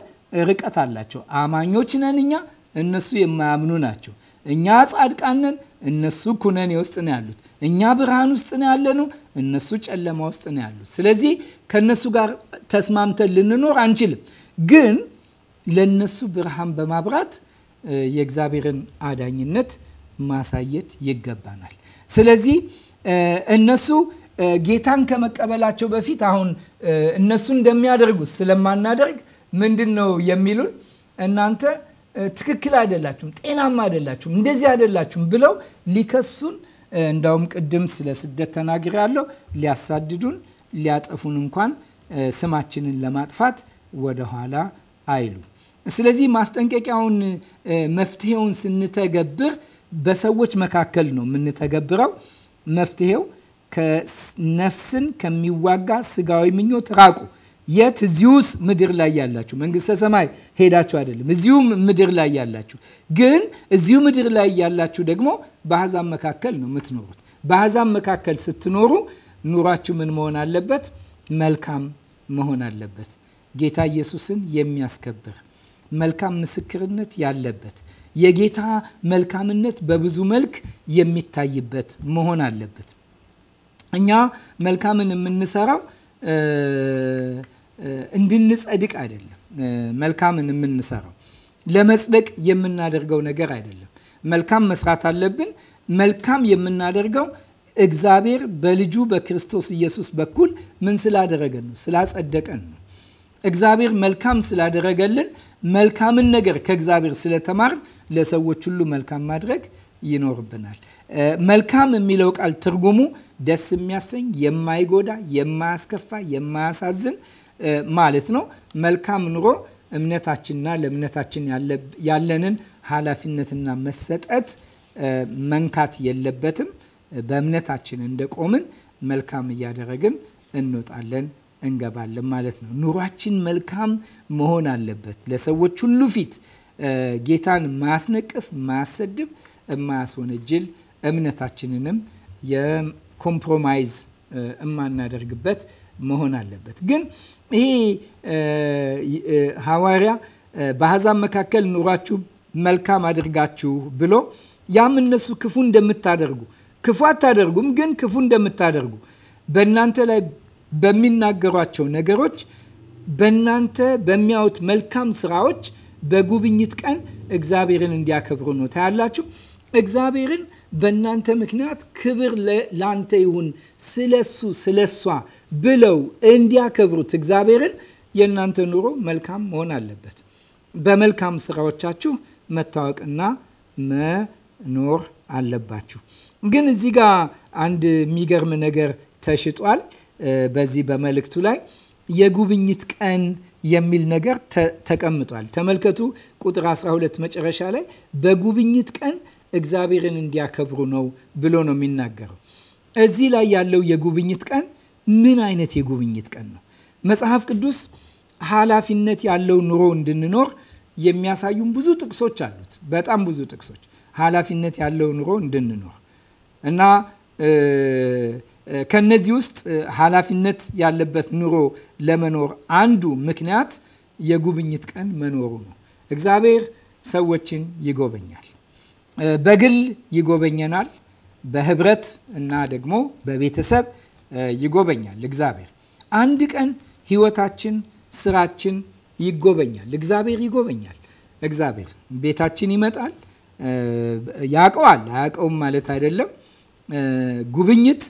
ርቀት አላቸው። አማኞች ነን እኛ፣ እነሱ የማያምኑ ናቸው። እኛ ጻድቃን ነን፣ እነሱ ኩነኔ ውስጥ ነው ያሉት። እኛ ብርሃን ውስጥ ነው ያለነው፣ እነሱ ጨለማ ውስጥ ነው ያሉት። ስለዚህ ከእነሱ ጋር ተስማምተን ልንኖር አንችልም። ግን ለነሱ ብርሃን በማብራት የእግዚአብሔርን አዳኝነት ማሳየት ይገባናል። ስለዚህ እነሱ ጌታን ከመቀበላቸው በፊት አሁን እነሱ እንደሚያደርጉት ስለማናደርግ ምንድን ነው የሚሉን እናንተ ትክክል አይደላችሁም፣ ጤናማ አይደላችሁም፣ እንደዚህ አይደላችሁም ብለው ሊከሱን እንዳውም ቅድም ስለ ስደት ተናግሬያለሁ። ሊያሳድዱን ሊያጠፉን እንኳን ስማችንን ለማጥፋት ወደኋላ አይሉ። ስለዚህ ማስጠንቀቂያውን መፍትሄውን ስንተገብር በሰዎች መካከል ነው የምንተገብረው። መፍትሄው ነፍስን ከሚዋጋ ስጋዊ ምኞት ራቁ። የት? እዚሁስ ምድር ላይ ያላችሁ መንግስተ ሰማይ ሄዳችሁ አይደለም፣ እዚሁ ምድር ላይ ያላችሁ። ግን እዚሁ ምድር ላይ ያላችሁ ደግሞ በአሕዛብ መካከል ነው የምትኖሩት። በአሕዛብ መካከል ስትኖሩ ኑሯችሁ ምን መሆን አለበት? መልካም መሆን አለበት። ጌታ ኢየሱስን የሚያስከብር መልካም ምስክርነት ያለበት የጌታ መልካምነት በብዙ መልክ የሚታይበት መሆን አለበት። እኛ መልካምን የምንሰራው እንድንጸድቅ አይደለም። መልካምን የምንሰራው ለመጽደቅ የምናደርገው ነገር አይደለም። መልካም መስራት አለብን። መልካም የምናደርገው እግዚአብሔር በልጁ በክርስቶስ ኢየሱስ በኩል ምን ስላደረገን ነው? ስላጸደቀን ነው። እግዚአብሔር መልካም ስላደረገልን መልካምን ነገር ከእግዚአብሔር ስለተማርን ለሰዎች ሁሉ መልካም ማድረግ ይኖርብናል። መልካም የሚለው ቃል ትርጉሙ ደስ የሚያሰኝ፣ የማይጎዳ፣ የማያስከፋ፣ የማያሳዝን ማለት ነው። መልካም ኑሮ እምነታችንና ለእምነታችን ያለንን ኃላፊነትና መሰጠት መንካት የለበትም። በእምነታችን እንደቆምን መልካም እያደረግን እንወጣለን እንገባለን ማለት ነው። ኑሯችን መልካም መሆን አለበት። ለሰዎች ሁሉ ፊት ጌታን ማስነቅፍ፣ ማሰድብ እማያስወነጅል እምነታችንንም የኮምፕሮማይዝ እማናደርግበት መሆን አለበት። ግን ይሄ ሐዋርያ በአሕዛብ መካከል ኑሯችሁ መልካም አድርጋችሁ ብሎ ያም እነሱ ክፉ እንደምታደርጉ ክፉ አታደርጉም፣ ግን ክፉ እንደምታደርጉ በእናንተ ላይ በሚናገሯቸው ነገሮች በእናንተ በሚያዩት መልካም ስራዎች በጉብኝት ቀን እግዚአብሔርን እንዲያከብሩ ነው። ታያላችሁ። እግዚአብሔርን በእናንተ ምክንያት ክብር ለአንተ ይሁን፣ ስለሱ ስለሷ ብለው እንዲያከብሩት እግዚአብሔርን የእናንተ ኑሮ መልካም መሆን አለበት። በመልካም ስራዎቻችሁ መታወቅና መኖር አለባችሁ። ግን እዚህ ጋር አንድ የሚገርም ነገር ተሽጧል። በዚህ በመልእክቱ ላይ የጉብኝት ቀን የሚል ነገር ተቀምጧል። ተመልከቱ ቁጥር 12 መጨረሻ ላይ በጉብኝት ቀን እግዚአብሔርን እንዲያከብሩ ነው ብሎ ነው የሚናገረው። እዚህ ላይ ያለው የጉብኝት ቀን ምን አይነት የጉብኝት ቀን ነው? መጽሐፍ ቅዱስ ኃላፊነት ያለው ኑሮ እንድንኖር የሚያሳዩን ብዙ ጥቅሶች አሉት። በጣም ብዙ ጥቅሶች ኃላፊነት ያለው ኑሮ እንድንኖር እና ከነዚህ ውስጥ ኃላፊነት ያለበት ኑሮ ለመኖር አንዱ ምክንያት የጉብኝት ቀን መኖሩ ነው። እግዚአብሔር ሰዎችን ይጎበኛል። በግል ይጎበኘናል፣ በህብረት እና ደግሞ በቤተሰብ ይጎበኛል። እግዚአብሔር አንድ ቀን ህይወታችን፣ ስራችን ይጎበኛል። እግዚአብሔር ይጎበኛል። እግዚአብሔር ቤታችን ይመጣል። ያውቀዋል፣ አያውቀውም ማለት አይደለም። ጉብኝት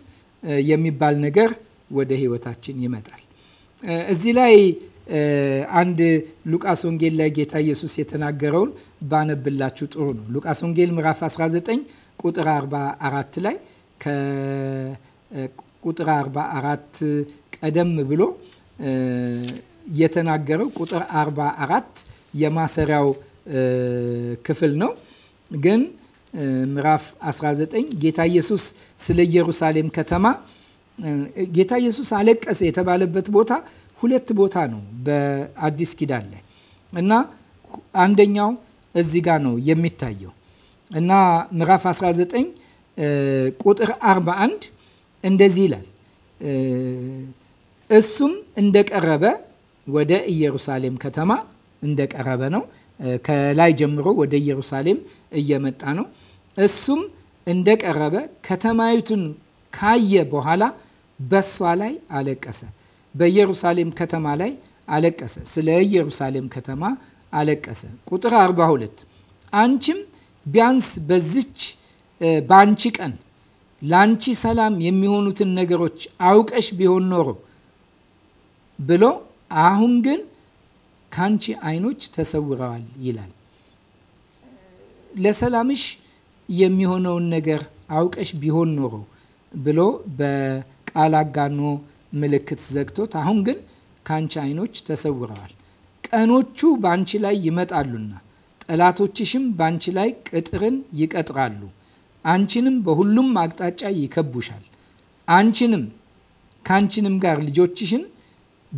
የሚባል ነገር ወደ ህይወታችን ይመጣል። እዚህ ላይ አንድ ሉቃስ ወንጌል ላይ ጌታ ኢየሱስ የተናገረውን ባነብላችሁ ጥሩ ነው። ሉቃስ ወንጌል ምዕራፍ 19 ቁጥር 44 ላይ ከቁጥር 44 ቀደም ብሎ የተናገረው ቁጥር 44 የማሰሪያው ክፍል ነው ግን ምዕራፍ 19 ጌታ ኢየሱስ ስለ ኢየሩሳሌም ከተማ ጌታ ኢየሱስ አለቀሰ የተባለበት ቦታ ሁለት ቦታ ነው በአዲስ ኪዳን ላይ እና አንደኛው እዚህ ጋር ነው የሚታየው እና ምዕራፍ 19 ቁጥር 41 እንደዚህ ይላል። እሱም እንደቀረበ ወደ ኢየሩሳሌም ከተማ እንደቀረበ ነው ከላይ ጀምሮ ወደ ኢየሩሳሌም እየመጣ ነው። እሱም እንደቀረበ ከተማይቱን ካየ በኋላ በሷ ላይ አለቀሰ። በኢየሩሳሌም ከተማ ላይ አለቀሰ። ስለ ኢየሩሳሌም ከተማ አለቀሰ። ቁጥር 42 አንቺም ቢያንስ በዚች በአንቺ ቀን ለአንቺ ሰላም የሚሆኑትን ነገሮች አውቀሽ ቢሆን ኖሮ ብሎ አሁን ግን ከአንቺ አይኖች ተሰውረዋል ይላል። ለሰላምሽ የሚሆነውን ነገር አውቀሽ ቢሆን ኖሮ ብሎ በቃል አጋኖ ምልክት ዘግቶት፣ አሁን ግን ከአንቺ አይኖች ተሰውረዋል። ቀኖቹ በአንቺ ላይ ይመጣሉና ጠላቶችሽም በአንቺ ላይ ቅጥርን ይቀጥራሉ። አንቺንም በሁሉም አቅጣጫ ይከቡሻል። አንቺንም ከአንቺንም ጋር ልጆችሽን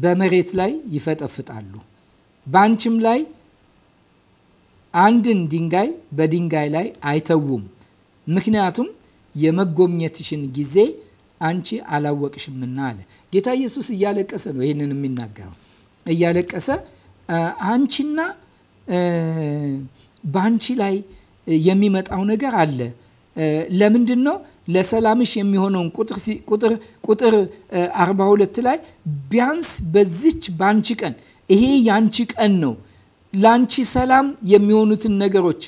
በመሬት ላይ ይፈጠፍጣሉ። በአንቺም ላይ አንድን ድንጋይ በድንጋይ ላይ አይተዉም፣ ምክንያቱም የመጎብኘትሽን ጊዜ አንቺ አላወቅሽምና አለ። ጌታ ኢየሱስ እያለቀሰ ነው ይህንን የሚናገረው። እያለቀሰ አንቺና በአንቺ ላይ የሚመጣው ነገር አለ። ለምንድን ነው ለሰላምሽ የሚሆነውን ቁጥር 42 ላይ ቢያንስ በዚች በአንቺ ቀን ይሄ ያንቺ ቀን ነው። ለአንቺ ሰላም የሚሆኑትን ነገሮች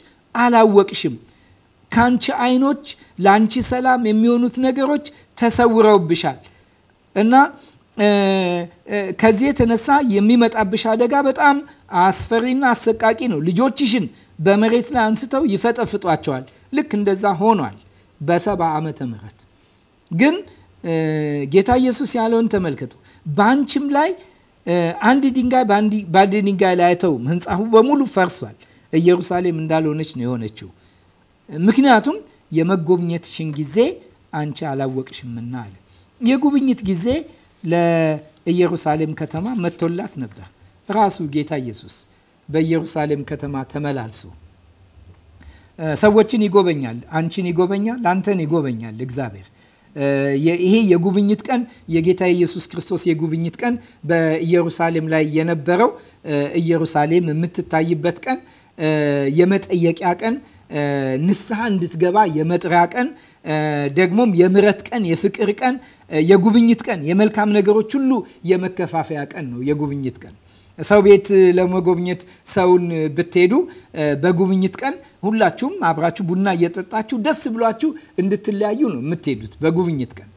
አላወቅሽም። ከአንቺ አይኖች ለአንቺ ሰላም የሚሆኑት ነገሮች ተሰውረውብሻል እና ከዚህ የተነሳ የሚመጣብሽ አደጋ በጣም አስፈሪና አሰቃቂ ነው። ልጆችሽን በመሬት ላይ አንስተው ይፈጠፍጧቸዋል። ልክ እንደዛ ሆኗል በሰባ ዓመተ ምህረት ግን ጌታ ኢየሱስ ያለውን ተመልከቱ በአንቺም ላይ አንድ ድንጋይ በአንድ ድንጋይ ላይ አይተውም። ህንፃ በሙሉ ፈርሷል። ኢየሩሳሌም እንዳልሆነች ነው የሆነችው። ምክንያቱም የመጎብኘትሽን ጊዜ አንቺ አላወቅሽምና አለ። የጉብኝት ጊዜ ለኢየሩሳሌም ከተማ መጥቶላት ነበር። ራሱ ጌታ ኢየሱስ በኢየሩሳሌም ከተማ ተመላልሶ ሰዎችን ይጎበኛል፣ አንቺን ይጎበኛል፣ አንተን ይጎበኛል እግዚአብሔር ይሄ የጉብኝት ቀን የጌታ ኢየሱስ ክርስቶስ የጉብኝት ቀን በኢየሩሳሌም ላይ የነበረው ኢየሩሳሌም የምትታይበት ቀን፣ የመጠየቂያ ቀን፣ ንስሐ እንድትገባ የመጥሪያ ቀን፣ ደግሞም የምረት ቀን፣ የፍቅር ቀን፣ የጉብኝት ቀን፣ የመልካም ነገሮች ሁሉ የመከፋፈያ ቀን ነው የጉብኝት ቀን ሰው ቤት ለመጎብኘት ሰውን ብትሄዱ በጉብኝት ቀን ሁላችሁም አብራችሁ ቡና እየጠጣችሁ ደስ ብሏችሁ እንድትለያዩ ነው የምትሄዱት በጉብኝት ቀን።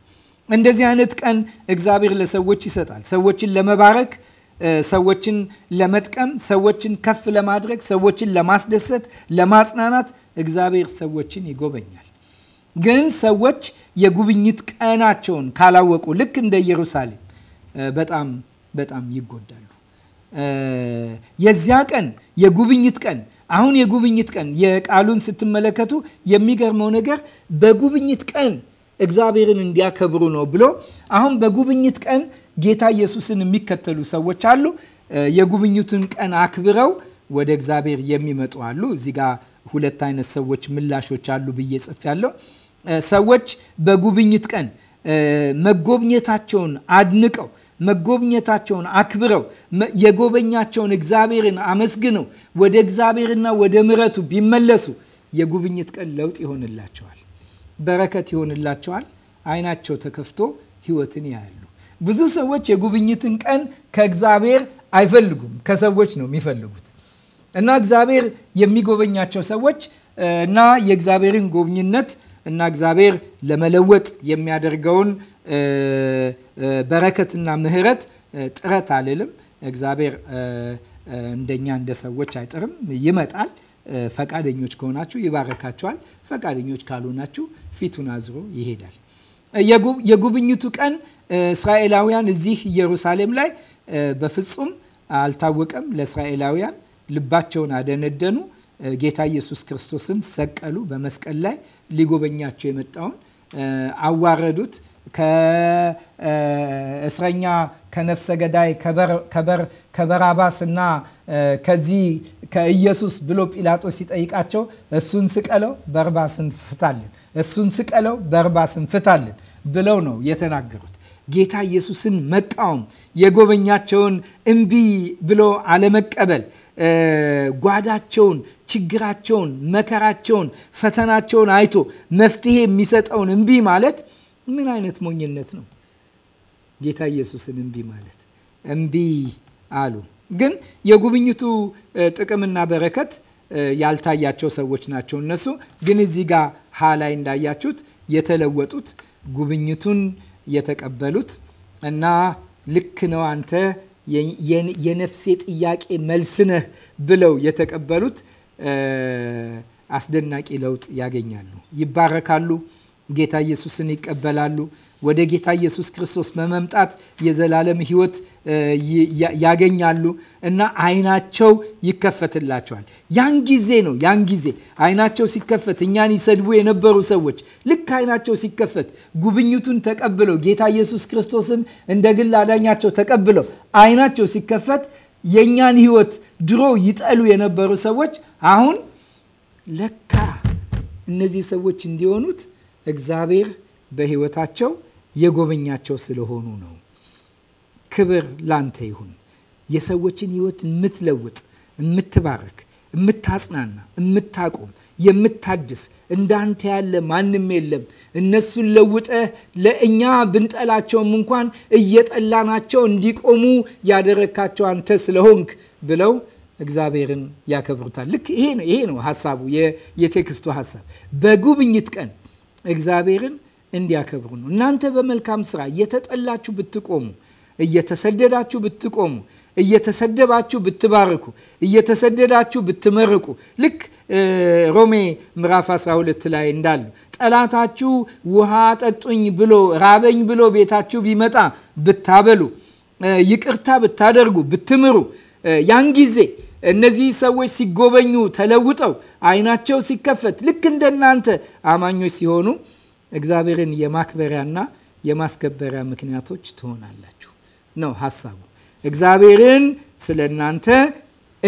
እንደዚህ አይነት ቀን እግዚአብሔር ለሰዎች ይሰጣል። ሰዎችን ለመባረክ፣ ሰዎችን ለመጥቀም፣ ሰዎችን ከፍ ለማድረግ፣ ሰዎችን ለማስደሰት፣ ለማጽናናት እግዚአብሔር ሰዎችን ይጎበኛል። ግን ሰዎች የጉብኝት ቀናቸውን ካላወቁ ልክ እንደ ኢየሩሳሌም በጣም በጣም ይጎዳሉ። የዚያ ቀን የጉብኝት ቀን አሁን የጉብኝት ቀን የቃሉን ስትመለከቱ የሚገርመው ነገር በጉብኝት ቀን እግዚአብሔርን እንዲያከብሩ ነው ብሎ አሁን በጉብኝት ቀን ጌታ ኢየሱስን የሚከተሉ ሰዎች አሉ። የጉብኝቱን ቀን አክብረው ወደ እግዚአብሔር የሚመጡ አሉ። እዚህ ጋ ሁለት አይነት ሰዎች ምላሾች አሉ ብዬ ያለው ሰዎች በጉብኝት ቀን መጎብኘታቸውን አድንቀው መጎብኘታቸውን አክብረው የጎበኛቸውን እግዚአብሔርን አመስግነው ወደ እግዚአብሔርና ወደ ምረቱ ቢመለሱ የጉብኝት ቀን ለውጥ ይሆንላቸዋል፣ በረከት ይሆንላቸዋል። አይናቸው ተከፍቶ ህይወትን ያያሉ። ብዙ ሰዎች የጉብኝትን ቀን ከእግዚአብሔር አይፈልጉም፣ ከሰዎች ነው የሚፈልጉት እና እግዚአብሔር የሚጎበኛቸው ሰዎች እና የእግዚአብሔርን ጎብኝነት እና እግዚአብሔር ለመለወጥ የሚያደርገውን በረከትና ምሕረት ጥረት አልልም። እግዚአብሔር እንደኛ እንደ ሰዎች አይጥርም፣ ይመጣል። ፈቃደኞች ከሆናችሁ ይባረካችኋል። ፈቃደኞች ካልሆናችሁ ፊቱን አዝሮ ይሄዳል። የጉብኝቱ ቀን እስራኤላውያን እዚህ ኢየሩሳሌም ላይ በፍጹም አልታወቀም። ለእስራኤላውያን ልባቸውን አደነደኑ። ጌታ ኢየሱስ ክርስቶስን ሰቀሉ። በመስቀል ላይ ሊጎበኛቸው የመጣውን አዋረዱት። ከእስረኛ ከነፍሰ ገዳይ ከበራባስ እና ከዚህ ከኢየሱስ ብሎ ጲላጦስ ሲጠይቃቸው እሱን ስቀለው በርባስን ፍታልን፣ እሱን ስቀለው በርባስን ፍታልን ብለው ነው የተናገሩት። ጌታ ኢየሱስን መቃወም፣ የጎበኛቸውን እምቢ ብሎ አለመቀበል፣ ጓዳቸውን፣ ችግራቸውን፣ መከራቸውን፣ ፈተናቸውን አይቶ መፍትሄ የሚሰጠውን እምቢ ማለት ምን አይነት ሞኝነት ነው? ጌታ ኢየሱስን እምቢ ማለት እምቢ አሉ። ግን የጉብኝቱ ጥቅምና በረከት ያልታያቸው ሰዎች ናቸው እነሱ። ግን እዚህ ጋር ሀ ላይ እንዳያችሁት የተለወጡት ጉብኝቱን የተቀበሉት እና ልክ ነው አንተ የነፍሴ ጥያቄ መልስ ነህ ብለው የተቀበሉት አስደናቂ ለውጥ ያገኛሉ፣ ይባረካሉ። ጌታ ኢየሱስን ይቀበላሉ። ወደ ጌታ ኢየሱስ ክርስቶስ በመምጣት የዘላለም ሕይወት ያገኛሉ እና አይናቸው ይከፈትላቸዋል። ያን ጊዜ ነው ያን ጊዜ አይናቸው ሲከፈት እኛን ይሰድቡ የነበሩ ሰዎች ልክ አይናቸው ሲከፈት ጉብኝቱን ተቀብለው ጌታ ኢየሱስ ክርስቶስን እንደ ግል አዳኛቸው ተቀብለው አይናቸው ሲከፈት የእኛን ሕይወት ድሮ ይጠሉ የነበሩ ሰዎች አሁን ለካ እነዚህ ሰዎች እንዲሆኑት እግዚአብሔር በህይወታቸው የጎበኛቸው ስለሆኑ ነው። ክብር ላንተ ይሁን። የሰዎችን ህይወት የምትለውጥ፣ የምትባርክ፣ የምታጽናና፣ የምታቆም፣ የምታድስ እንዳንተ ያለ ማንም የለም። እነሱን ለውጠ ለእኛ ብንጠላቸውም እንኳን እየጠላናቸው እንዲቆሙ ያደረግካቸው አንተ ስለሆንክ ብለው እግዚአብሔርን ያከብሩታል። ልክ ይሄ ነው ሀሳቡ የቴክስቱ ሀሳብ በጉብኝት ቀን እግዚአብሔርን እንዲያከብሩ ነው። እናንተ በመልካም ስራ እየተጠላችሁ ብትቆሙ፣ እየተሰደዳችሁ ብትቆሙ፣ እየተሰደባችሁ ብትባርኩ፣ እየተሰደዳችሁ ብትመርቁ ልክ ሮሜ ምዕራፍ 12 ላይ እንዳሉ ጠላታችሁ ውሃ ጠጡኝ ብሎ ራበኝ ብሎ ቤታችሁ ቢመጣ ብታበሉ፣ ይቅርታ ብታደርጉ፣ ብትምሩ ያን ጊዜ እነዚህ ሰዎች ሲጎበኙ ተለውጠው አይናቸው ሲከፈት ልክ እንደናንተ አማኞች ሲሆኑ እግዚአብሔርን የማክበሪያና የማስከበሪያ ምክንያቶች ትሆናላችሁ ነው ሀሳቡ። እግዚአብሔርን ስለ እናንተ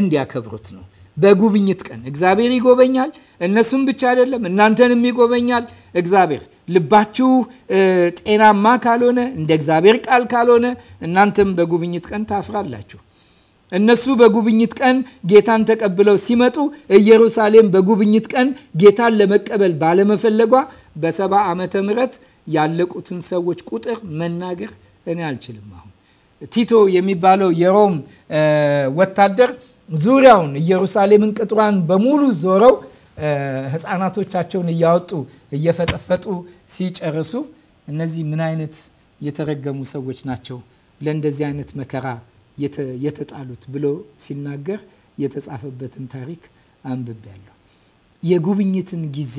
እንዲያከብሩት ነው። በጉብኝት ቀን እግዚአብሔር ይጎበኛል። እነሱም ብቻ አይደለም፣ እናንተንም ይጎበኛል እግዚአብሔር። ልባችሁ ጤናማ ካልሆነ፣ እንደ እግዚአብሔር ቃል ካልሆነ እናንተም በጉብኝት ቀን ታፍራላችሁ። እነሱ በጉብኝት ቀን ጌታን ተቀብለው ሲመጡ ኢየሩሳሌም በጉብኝት ቀን ጌታን ለመቀበል ባለመፈለጓ በሰባ ዓመተ ምህረት ያለቁትን ሰዎች ቁጥር መናገር እኔ አልችልም። አሁን ቲቶ የሚባለው የሮም ወታደር ዙሪያውን ኢየሩሳሌምን ቅጥሯን በሙሉ ዞረው ሕፃናቶቻቸውን እያወጡ እየፈጠፈጡ ሲጨርሱ እነዚህ ምን አይነት የተረገሙ ሰዎች ናቸው ለእንደዚህ አይነት መከራ የተጣሉት ብሎ ሲናገር የተጻፈበትን ታሪክ አንብቤያለሁ። የጉብኝትን ጊዜ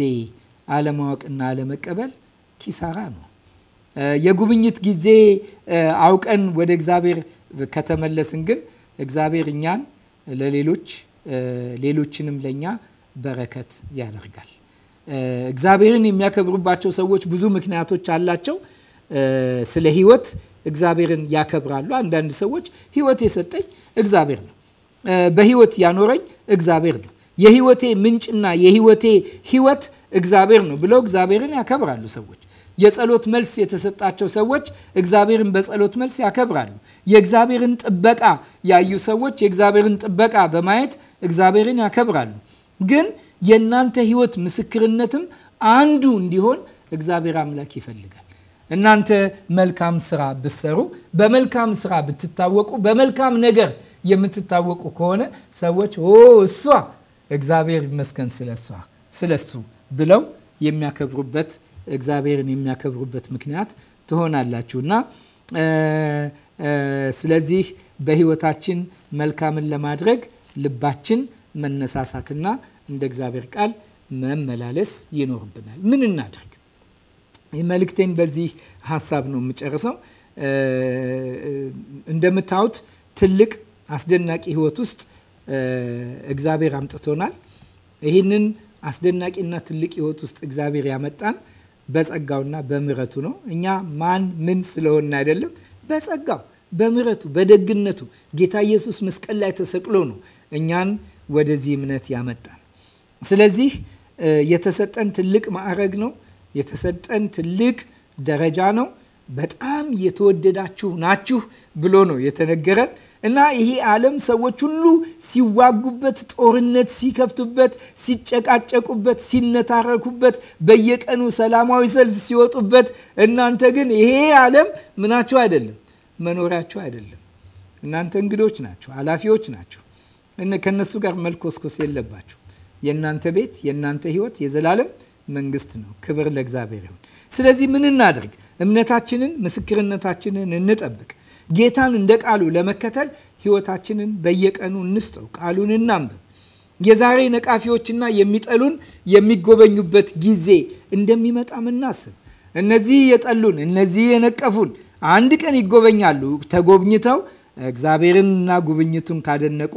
አለማወቅና አለመቀበል ኪሳራ ነው። የጉብኝት ጊዜ አውቀን ወደ እግዚአብሔር ከተመለስን ግን እግዚአብሔር እኛን ለሌሎች ሌሎችንም ለእኛ በረከት ያደርጋል። እግዚአብሔርን የሚያከብሩባቸው ሰዎች ብዙ ምክንያቶች አላቸው። ስለ ሕይወት እግዚአብሔርን ያከብራሉ። አንዳንድ ሰዎች ህይወት የሰጠኝ እግዚአብሔር ነው፣ በህይወት ያኖረኝ እግዚአብሔር ነው፣ የህይወቴ ምንጭና የህይወቴ ህይወት እግዚአብሔር ነው ብለው እግዚአብሔርን ያከብራሉ ሰዎች። የጸሎት መልስ የተሰጣቸው ሰዎች እግዚአብሔርን በጸሎት መልስ ያከብራሉ። የእግዚአብሔርን ጥበቃ ያዩ ሰዎች የእግዚአብሔርን ጥበቃ በማየት እግዚአብሔርን ያከብራሉ። ግን የእናንተ ህይወት ምስክርነትም አንዱ እንዲሆን እግዚአብሔር አምላክ ይፈልጋል። እናንተ መልካም ስራ ብትሰሩ፣ በመልካም ስራ ብትታወቁ፣ በመልካም ነገር የምትታወቁ ከሆነ ሰዎች ኦ እሷ እግዚአብሔር ይመስገን ስለሷ ስለሱ ብለው የሚያከብሩበት እግዚአብሔርን የሚያከብሩበት ምክንያት ትሆናላችሁ እና ስለዚህ በህይወታችን መልካምን ለማድረግ ልባችን መነሳሳትና እንደ እግዚአብሔር ቃል መመላለስ ይኖርብናል። ምን እናድርግ? መልእክቴን በዚህ ሀሳብ ነው የምጨርሰው። እንደምታዩት ትልቅ አስደናቂ ህይወት ውስጥ እግዚአብሔር አምጥቶናል። ይህንን አስደናቂና ትልቅ ህይወት ውስጥ እግዚአብሔር ያመጣን በጸጋውና በምረቱ ነው። እኛ ማን ምን ስለሆን አይደለም። በጸጋው በምረቱ በደግነቱ ጌታ ኢየሱስ መስቀል ላይ ተሰቅሎ ነው እኛን ወደዚህ እምነት ያመጣን። ስለዚህ የተሰጠን ትልቅ ማዕረግ ነው። የተሰጠን ትልቅ ደረጃ ነው። በጣም የተወደዳችሁ ናችሁ ብሎ ነው የተነገረን እና ይሄ ዓለም ሰዎች ሁሉ ሲዋጉበት፣ ጦርነት ሲከፍቱበት፣ ሲጨቃጨቁበት፣ ሲነታረኩበት፣ በየቀኑ ሰላማዊ ሰልፍ ሲወጡበት፣ እናንተ ግን ይሄ ዓለም ምናችሁ አይደለም፣ መኖሪያችሁ አይደለም። እናንተ እንግዶች ናችሁ፣ ኃላፊዎች ናችሁ። ከእነሱ ጋር መልኮስኮስ የለባችሁ። የእናንተ ቤት፣ የእናንተ ህይወት የዘላለም መንግስት ነው። ክብር ለእግዚአብሔር ይሁን። ስለዚህ ምን እናድርግ? እምነታችንን፣ ምስክርነታችንን እንጠብቅ። ጌታን እንደ ቃሉ ለመከተል ህይወታችንን በየቀኑ እንስጠው። ቃሉን እናንብብ። የዛሬ ነቃፊዎችና የሚጠሉን የሚጎበኙበት ጊዜ እንደሚመጣም እናስብ። እነዚህ የጠሉን፣ እነዚህ የነቀፉን አንድ ቀን ይጎበኛሉ። ተጎብኝተው እግዚአብሔርንና ጉብኝቱን ካደነቁ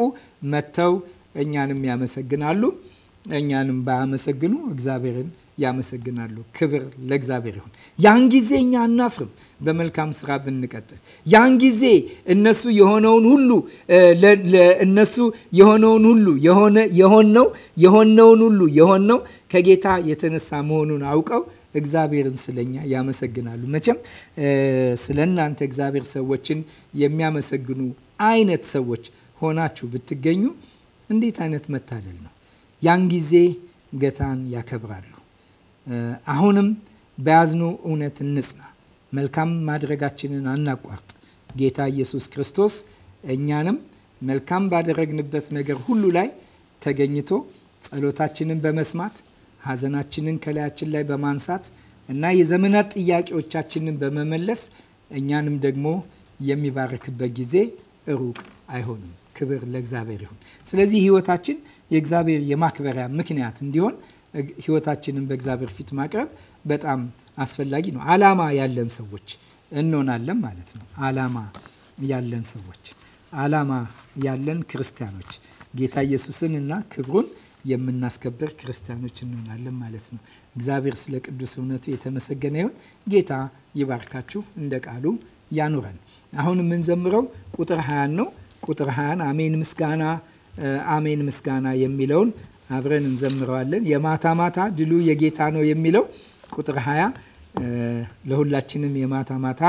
መጥተው እኛንም ያመሰግናሉ። እኛንም ባያመሰግኑ እግዚአብሔርን ያመሰግናሉ። ክብር ለእግዚአብሔር ይሁን። ያን ጊዜ እኛ አናፍርም፣ በመልካም ስራ ብንቀጥል። ያን ጊዜ እነሱ የሆነውን ሁሉ እነሱ የሆነውን ሁሉ የሆነው የሆነውን ሁሉ የሆነው ከጌታ የተነሳ መሆኑን አውቀው እግዚአብሔርን ስለኛ ያመሰግናሉ። መቼም ስለ እናንተ እግዚአብሔር ሰዎችን የሚያመሰግኑ አይነት ሰዎች ሆናችሁ ብትገኙ እንዴት አይነት መታደል ነው! ያን ጊዜ ጌታን ያከብራሉ። አሁንም በያዝኑ እውነት እንጽና። መልካም ማድረጋችንን አናቋርጥ። ጌታ ኢየሱስ ክርስቶስ እኛንም መልካም ባደረግንበት ነገር ሁሉ ላይ ተገኝቶ ጸሎታችንን በመስማት ሐዘናችንን ከላያችን ላይ በማንሳት እና የዘመናት ጥያቄዎቻችንን በመመለስ እኛንም ደግሞ የሚባርክበት ጊዜ ሩቅ አይሆንም። ክብር ለእግዚአብሔር ይሁን። ስለዚህ ህይወታችን የእግዚአብሔር የማክበሪያ ምክንያት እንዲሆን ህይወታችንን በእግዚአብሔር ፊት ማቅረብ በጣም አስፈላጊ ነው። አላማ ያለን ሰዎች እንሆናለን ማለት ነው። አላማ ያለን ሰዎች፣ አላማ ያለን ክርስቲያኖች ጌታ ኢየሱስን እና ክብሩን የምናስከብር ክርስቲያኖች እንሆናለን ማለት ነው። እግዚአብሔር ስለ ቅዱስ እውነቱ የተመሰገነ ይሁን። ጌታ ይባርካችሁ፣ እንደ ቃሉ ያኑረን። አሁን የምንዘምረው ቁጥር ሀያን ነው። ቁጥር ሀያን አሜን ምስጋና አሜን ምስጋና የሚለውን አብረን እንዘምረዋለን። የማታ ማታ ድሉ የጌታ ነው የሚለው ቁጥር 20 ለሁላችንም የማታ ማታ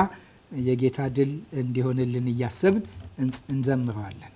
የጌታ ድል እንዲሆንልን እያሰብን እንዘምረዋለን።